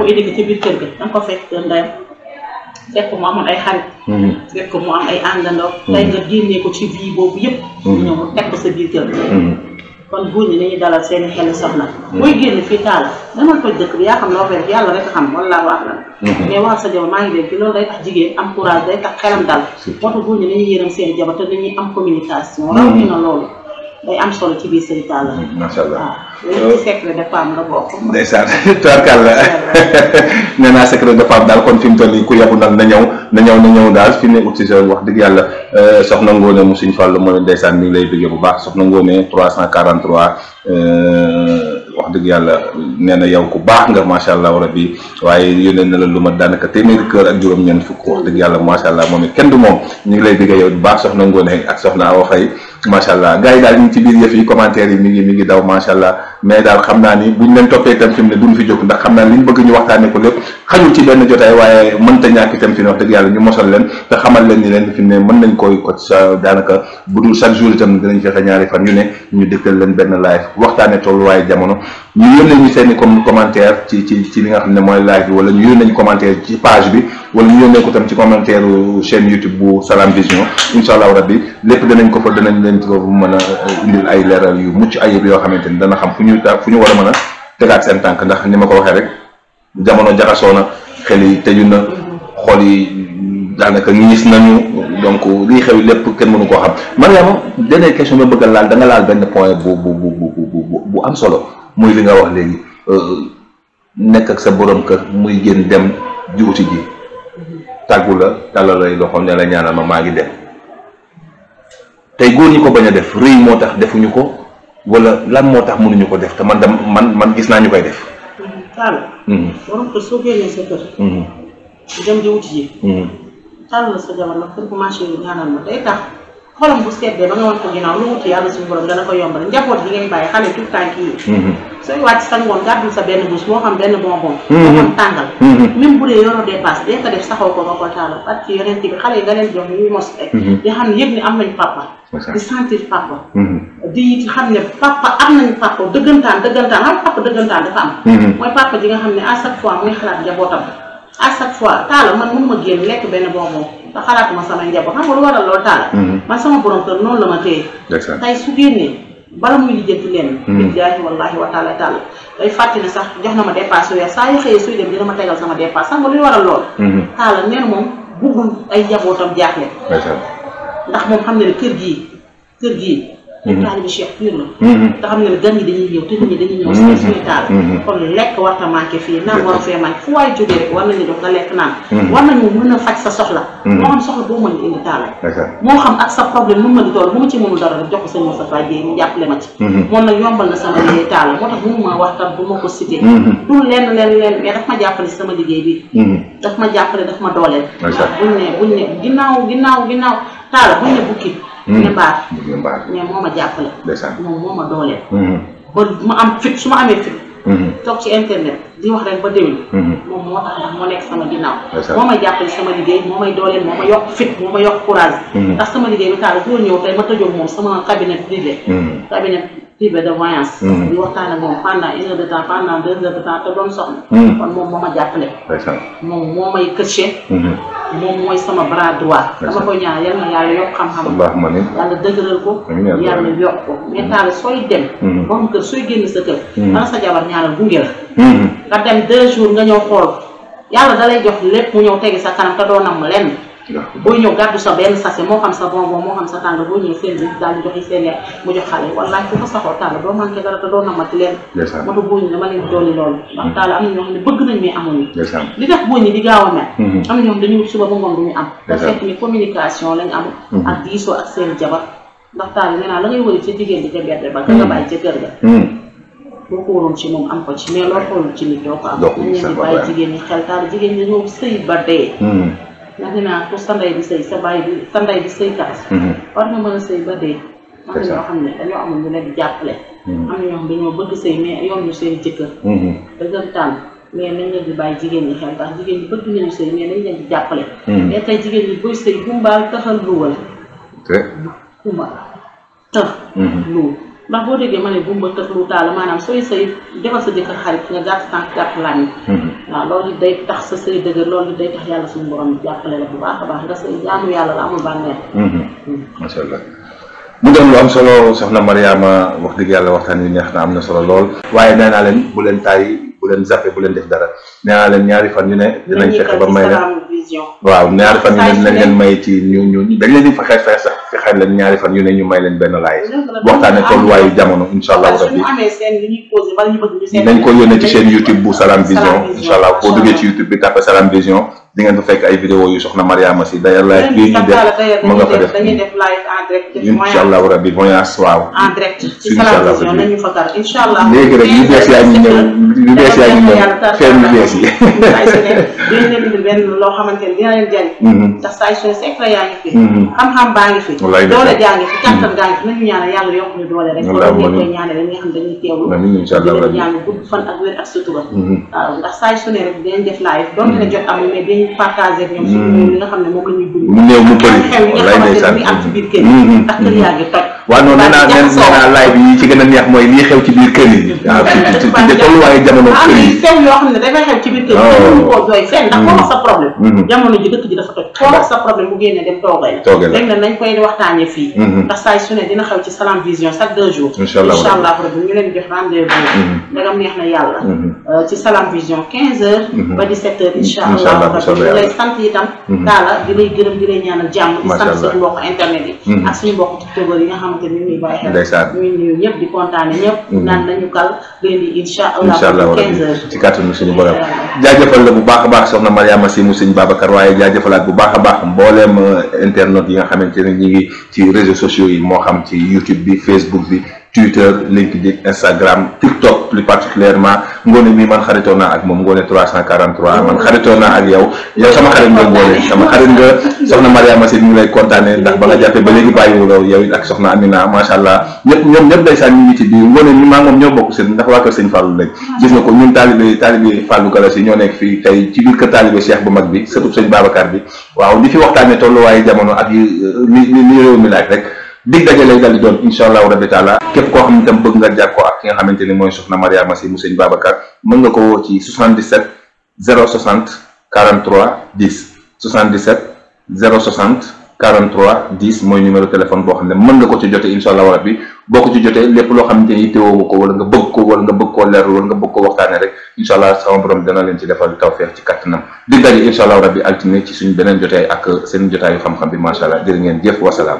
biir kër ga da nga ko fekk ndeyam fekk mu amoon ay xarit mhm. fekk mu am ay àndandoo tey nga génnee ko ci boobu yëpp mhm. ñëw mu teg ko sa biir kër kon góor ñi dañuy dalal seeni xel soxna booy génn fii taal damal toj dëkk bi yaa xam loo yàlla rek xam wallaahu a'lam mais wax sa jabar maa ngi dégg loolu day tax jigéen am courage day tax xelam dal moo tax góor ñi dañuy yërëm seeni jabar te dañuy am communication rawatina loolu day am solo ci macha allah waaw li secret de femme nga bokk. ndeysaan tubarkàlla nee naa secret de femme daal kon fi mu toll ku yàqu nag na ñëw na ñëw na ñëw daal fi mu ne ut si wax dëgg yàlla euh, soxna Ngone mu suñ fàllu mooy ndeysaan ñu ngi lay bëggee bu baax na soxna Ngone 343. wax dëgg yàlla nee na yow ku baax nga macha allah rabbi waaye yónnee na la lu ma daanaka téeméeri kër ak juróom-ñeent fukk wax dëgg yàlla macha allah moom it kenn du moom ñu ngi lay diggee yow bu baax soxna Ngone ak soxna Awa Faye macha allah gars yi daal ñu ngi ci biir naa ni buñ leen toppee itam fi mu ne duñ fi jóg ndax xam naa bëgg ñu waxtaanee ko lépp xañul ci benn jotaay waaye mënta yàlla ñu mosal leen te xamal leen ni leen fi mu ne mën nañ koy ko daanaka bu dul chaque jour itam dinañ fexe ñaari fan yu ne ñu dëkkal leen benn live waxtaane tolluwaaye jamono ñu yónnee ñu seen i comme commentaire ci ci ci li nga xam ne mooy live bi wala ñu yónnee ñu commentaire ci page bi wala ñu yónnee ko tam ci commentaire chaîne YouTube bu Salam Vision incha allah bi lépp danañ ko fa danañ leen ko mën a eh, indil ay leeral yu mucc ayib yoo xamante ni dana xam fu ñu fu ñu war a mën a tegaat seen tànk ndax ni ma ko waxee rek jamono jaxasoo na xel yi tëju na xool yi daanaka gis nañu donc lii xew lépp kenn mënu koo xam Mariama dernière question ma bëgg a laal da laal benn point bu bu bu bu bu am solo. muy li nga wax léegi euh, nekk ak sa borom kër muy génn dem di uti ji tàggu la tàllal lay loxo la ñaanal ma maa ngi dem tey góor ñu ko bañ a def rëy moo tax defuñu ko walla lan moo tax mënuñu ko def te man dam man man gis naa ñu koy def. tàll. Mm-hmm. borom kër soo génnee sa kër. Mm-hmm. dem di ji. Mm-hmm. tàll la sa jabar nag kër bu marché ñaanal ma day tax. xolam bu seddee ba nga woon ko ginnaaw lu wuti yàlla suñu borom dana ko yombal njaboot bi ngay bàyyi xale mhm. yi nga mhm. mhm. que bi xale leen jox ñuy mos di xam ne yëg ni am nañ papa di sentir papa di xam ne papa am nañ papa dëggantaan dëggantaan xam papa dafa am mooy papa ji nga xam ne à chaque fois muy xalaat njabootam à chaque fois taala man mënuma génn lekk benn bonbon te xalaatuma sama njaboot xam nga lu waral loolu taal. Mm-hmm. man sama borom kër noonu la ma téye. tey su génnee bala muy lijjanti leen. Mm-hmm. billaahi wallaahi wa taala taala day fàttali sax jox na ma dépasse weer saa yu xëyee suy dem dina ma tegal sama dépasse xam nga luy waral loolu. Mm-hmm. taala neen moom buggul ay njabootam jaaxle. ndax moom xam ne ne kër gii kër gii. nekk mmh. taalibi Cheikh pur la mmh. te xam ne gan yi dañuy ñëw te nit ñi dañuy ñëw seet suñu taal kon lekk war ta manqué fii naan war a fee manqué fu waay jógee rek war nañu jox nga lekk naan mmh. war nañu mën a faj sa soxla moo xam soxla boo mën indi taal ak sa problème nu mu mën di toll bu ma ci mënul dara rek jox ko sëñ Moustapha Dieye mu jàppale ma ci moom nag yombal na sama liggéey taal moo tax mënu ma waxtaan bu ma ko cité du lenn lenn lenn mais daf ma jàppale sama liggéey bi daf ma jàppale daf ma dooleel buñ ne buñ ne ginnaaw ginnaaw ginnaaw taal buñ ne bukki ñu mm. mbaar mais moo ma jàppale moom moo ma dooleel mm-hmm. ba ma am fit su ma amee fit mm-hmm. toog ci internet di wax rek ba déwén mm-hmm. moom moo tax ndax moo nekk sama ginnaaw moo may jàppale sama liggéey moo may dooleel moo ma yokk fit moo ma yokk courage ndax sama liggéey bi taal góor ñëw tey ma tëjoog moom sama cabinet privé cabinet fibre de voyance. Mm-hmm. di waxtaan ak moom pendant une heure de temps pendant deux heures de temps te doon soxla. Mm-hmm. kon moom a ma jàppale. moom moo may coaché. Mm-hmm. moom mooy sama bras droit. dama ko ñaan yal na yàlla yokk xam-xam. yàlla dëgëral ko. yàlla yokk ko sooy dem. borom kër sooy génn sa kër. ana sa jabar ñaanal gunge la. nga dem deux jours nga ñëw xool yàlla da jox lépp mu ñëw tegi sa kanam te doo nam lenn. booy ñëw gàddu sa benn sachet moo xam sa bonbon moo xam sa tànga boo ñëwee seen bi daal di joxe seen yaay mu jox xale wallaahi ku ko saxoo tànga doo manqué dara te doo namati leen moo mm-hmm. tax na ñoo xam ne bëgg nañ mais amuñu li tax booy ñi di gaaw a mel mm-hmm. am na ñoom dañuy wut suba ba ngoon duñu am te fekk ni communication lañ am mm-hmm. ak diisoo ak seen jabar ndax tàlla nee la ngay wëri ca jigéen di ca ba ka bàyyi ca ga boo ko waroon ci moom am ko ci mais loolu xoolul ci nit doo ko am dañ leen di bàyyi jigéen ñi xel tàlla jigéen ñi ñoo sëy ba dee ndax nee naa pour sa ndey di sëy sa baay di sa ndey di sëy kaas. Mhm. war nga mën a sëy ba dee. am na xam ne dañoo amul ñu leen jàppale. Mhm. am na ñoo xam dañoo bëgg sëy mais yoon seen jëkkër. Mhm. dëggantaan mais nañ leen di bàyyi jigéen ñi xel ndax jigéen ñi bëgg nañu sëy mais nañ leen di jàppale. mais tey jigéen ñi buy sëy gumbaal taxal lu ok gumbaal tax luwal. ndax boo déggee ma ne bumba lu taal maanaam sooy sëy defal sa jëkkër xarit nga gàtt tànk gàtt làmmiñ mm-hmm. waaw loolu day tax sa sëy dëgër loolu day tax yàlla suñu borom jàppale la bu baax a baax nga sëy yàlla la amul bànneex mm-hmm. mm. macha mu doon lu am solo soxna Mariama wax dëgg yàlla waxtaan wi neex na am na solo lool waaye nee naa leen bu leen tàyyi bu leen zappe bu leen def dara nee leen ñaari fan yu ne dinañ fexe ba may leen waaw ñaari fan yu ne dinañ leen may ci ñu ñu dañ leen di fexee fexe sax xel leen ñaari fan yu ne ñu may leen benn live waxtaane tolluwaayu jamono incha allahu rabbi nañ ko yónnee ci chaîne YouTube bu Salam Vision incha allah boo duggee ci YouTube bi tàppe Salam Vision di ngeen fa fekk ay vidéo yu soxna Mariama si d'ailleurs live bii ñu def ma nga fa def incha allahu rabbi voyage waaw incha allahu rabbi léegi rek yu bees yaa ñëw yu bees yaa ñëw feeñ yu bees yi benn loo xamante ne dina leen wallaay doole jaa ngi fi hmm. kàttan gaa ngi fi nañu ñaanal yàlla yokk ñu doole rek wala ñu koy ñaanal ñi nga xam dañuy teewlu incha allah di ñaan gudd fan ak wér ak sutura hmm. waaw ndax saa su ne rek dinañ def live doon na hmm. jot amul mais dañuy partagé ak ñoom suñu li nga xam ne moom la ñuy dund mu néew mu bëri xew yi nga xamante ne muy am ci biir kër ndax kër yaa ngi toj waaw noonu nee bi ci gën a neex mooy lii xew ci biir kër yi. waaw ci ci ci tolluwaayu jamono kër a am ah, yoo xam xew ci biir kër yi. kenn oh. mënu mm-hmm. mm-hmm. jamono ji dëkk ji dafa toj. sa problème bu génnee dem toogay la. toogay la léegi nag nañ mm-hmm. ndax saa su ne dina xew ci Salam Vision chaque deux jours. incha allah incha allah rabbi ñu leen jox rendez-vous. ndegam neex na yàlla. Euh, ci Salam Vision 15 heures. ba 17 heures incha allah rabbi ñu lay sant itam. daala di lay gërëm di lay ñaanal jàmm di sant suñu mbokk xamante ni ñu ngi ñu ngi di kontaane ñëpp mm-hmm. naan nañu kal léegi incha allah quinze heures ci kàttanu suñu borom jaajëfal la bu baax a baax soxna Mariama Si mu sëñ Babacar waaye jaajëfalaat bu baax a baax mbooleem euh, internet yi nga xamante ne ñu ngi ci réseaux sociaux yi moo xam ci YouTube bi Facebook bi Twitter LinkedIn Instagram TikTok plus particulièrement ngoone mii man xaritoo naa ak moom ngoone 343 man xaritoo naa ak yow yow sama xarit nga ngoone sama xarit nga soxna Mariama Sy ñu ngi lay ndax ba nga jàppee ba léegi bàyyiwu la yow it ak soxna Amina macha allah ñëpp ñoom ñëpp day saan ngi ci biir ngoone mii maa moom ñoo bokk seen ndax waa kër sëñ lañ ah. gis nga ko ñun taalibe taalibe Fallou Galassi ñoo nekk fii tey ci biir kër taalibe bi sëtub sëñ Babacar bi waaw li fi waxtaane tolluwaaye jamono ak yi mi laaj rek dig daje lay dal di doon incha allahu rabi taala képp koo xam ne tam bëgg nga ak ki nga xamante ni mooy soxna Mariama Sy mu sëñ Babacar nga ko woo ci 77 060 43 10 77 060 43 10 mooy numéro téléphone boo xam ne mën nga ko ci jotee incha allah rabbi boo ko ci jotee lépp loo xamante ni teewoo ko wala nga bëgg ko wala nga bëgg koo leer wala nga bëgg koo waxtaanee rek incha allah sama borom dana leen ci defal tawfeex ci kattanam di daje incha allah rabbi altine ci suñu beneen jotaay ak seen jotaayu xam-xam bi macha allah jërë ngeen jëf wasalaam.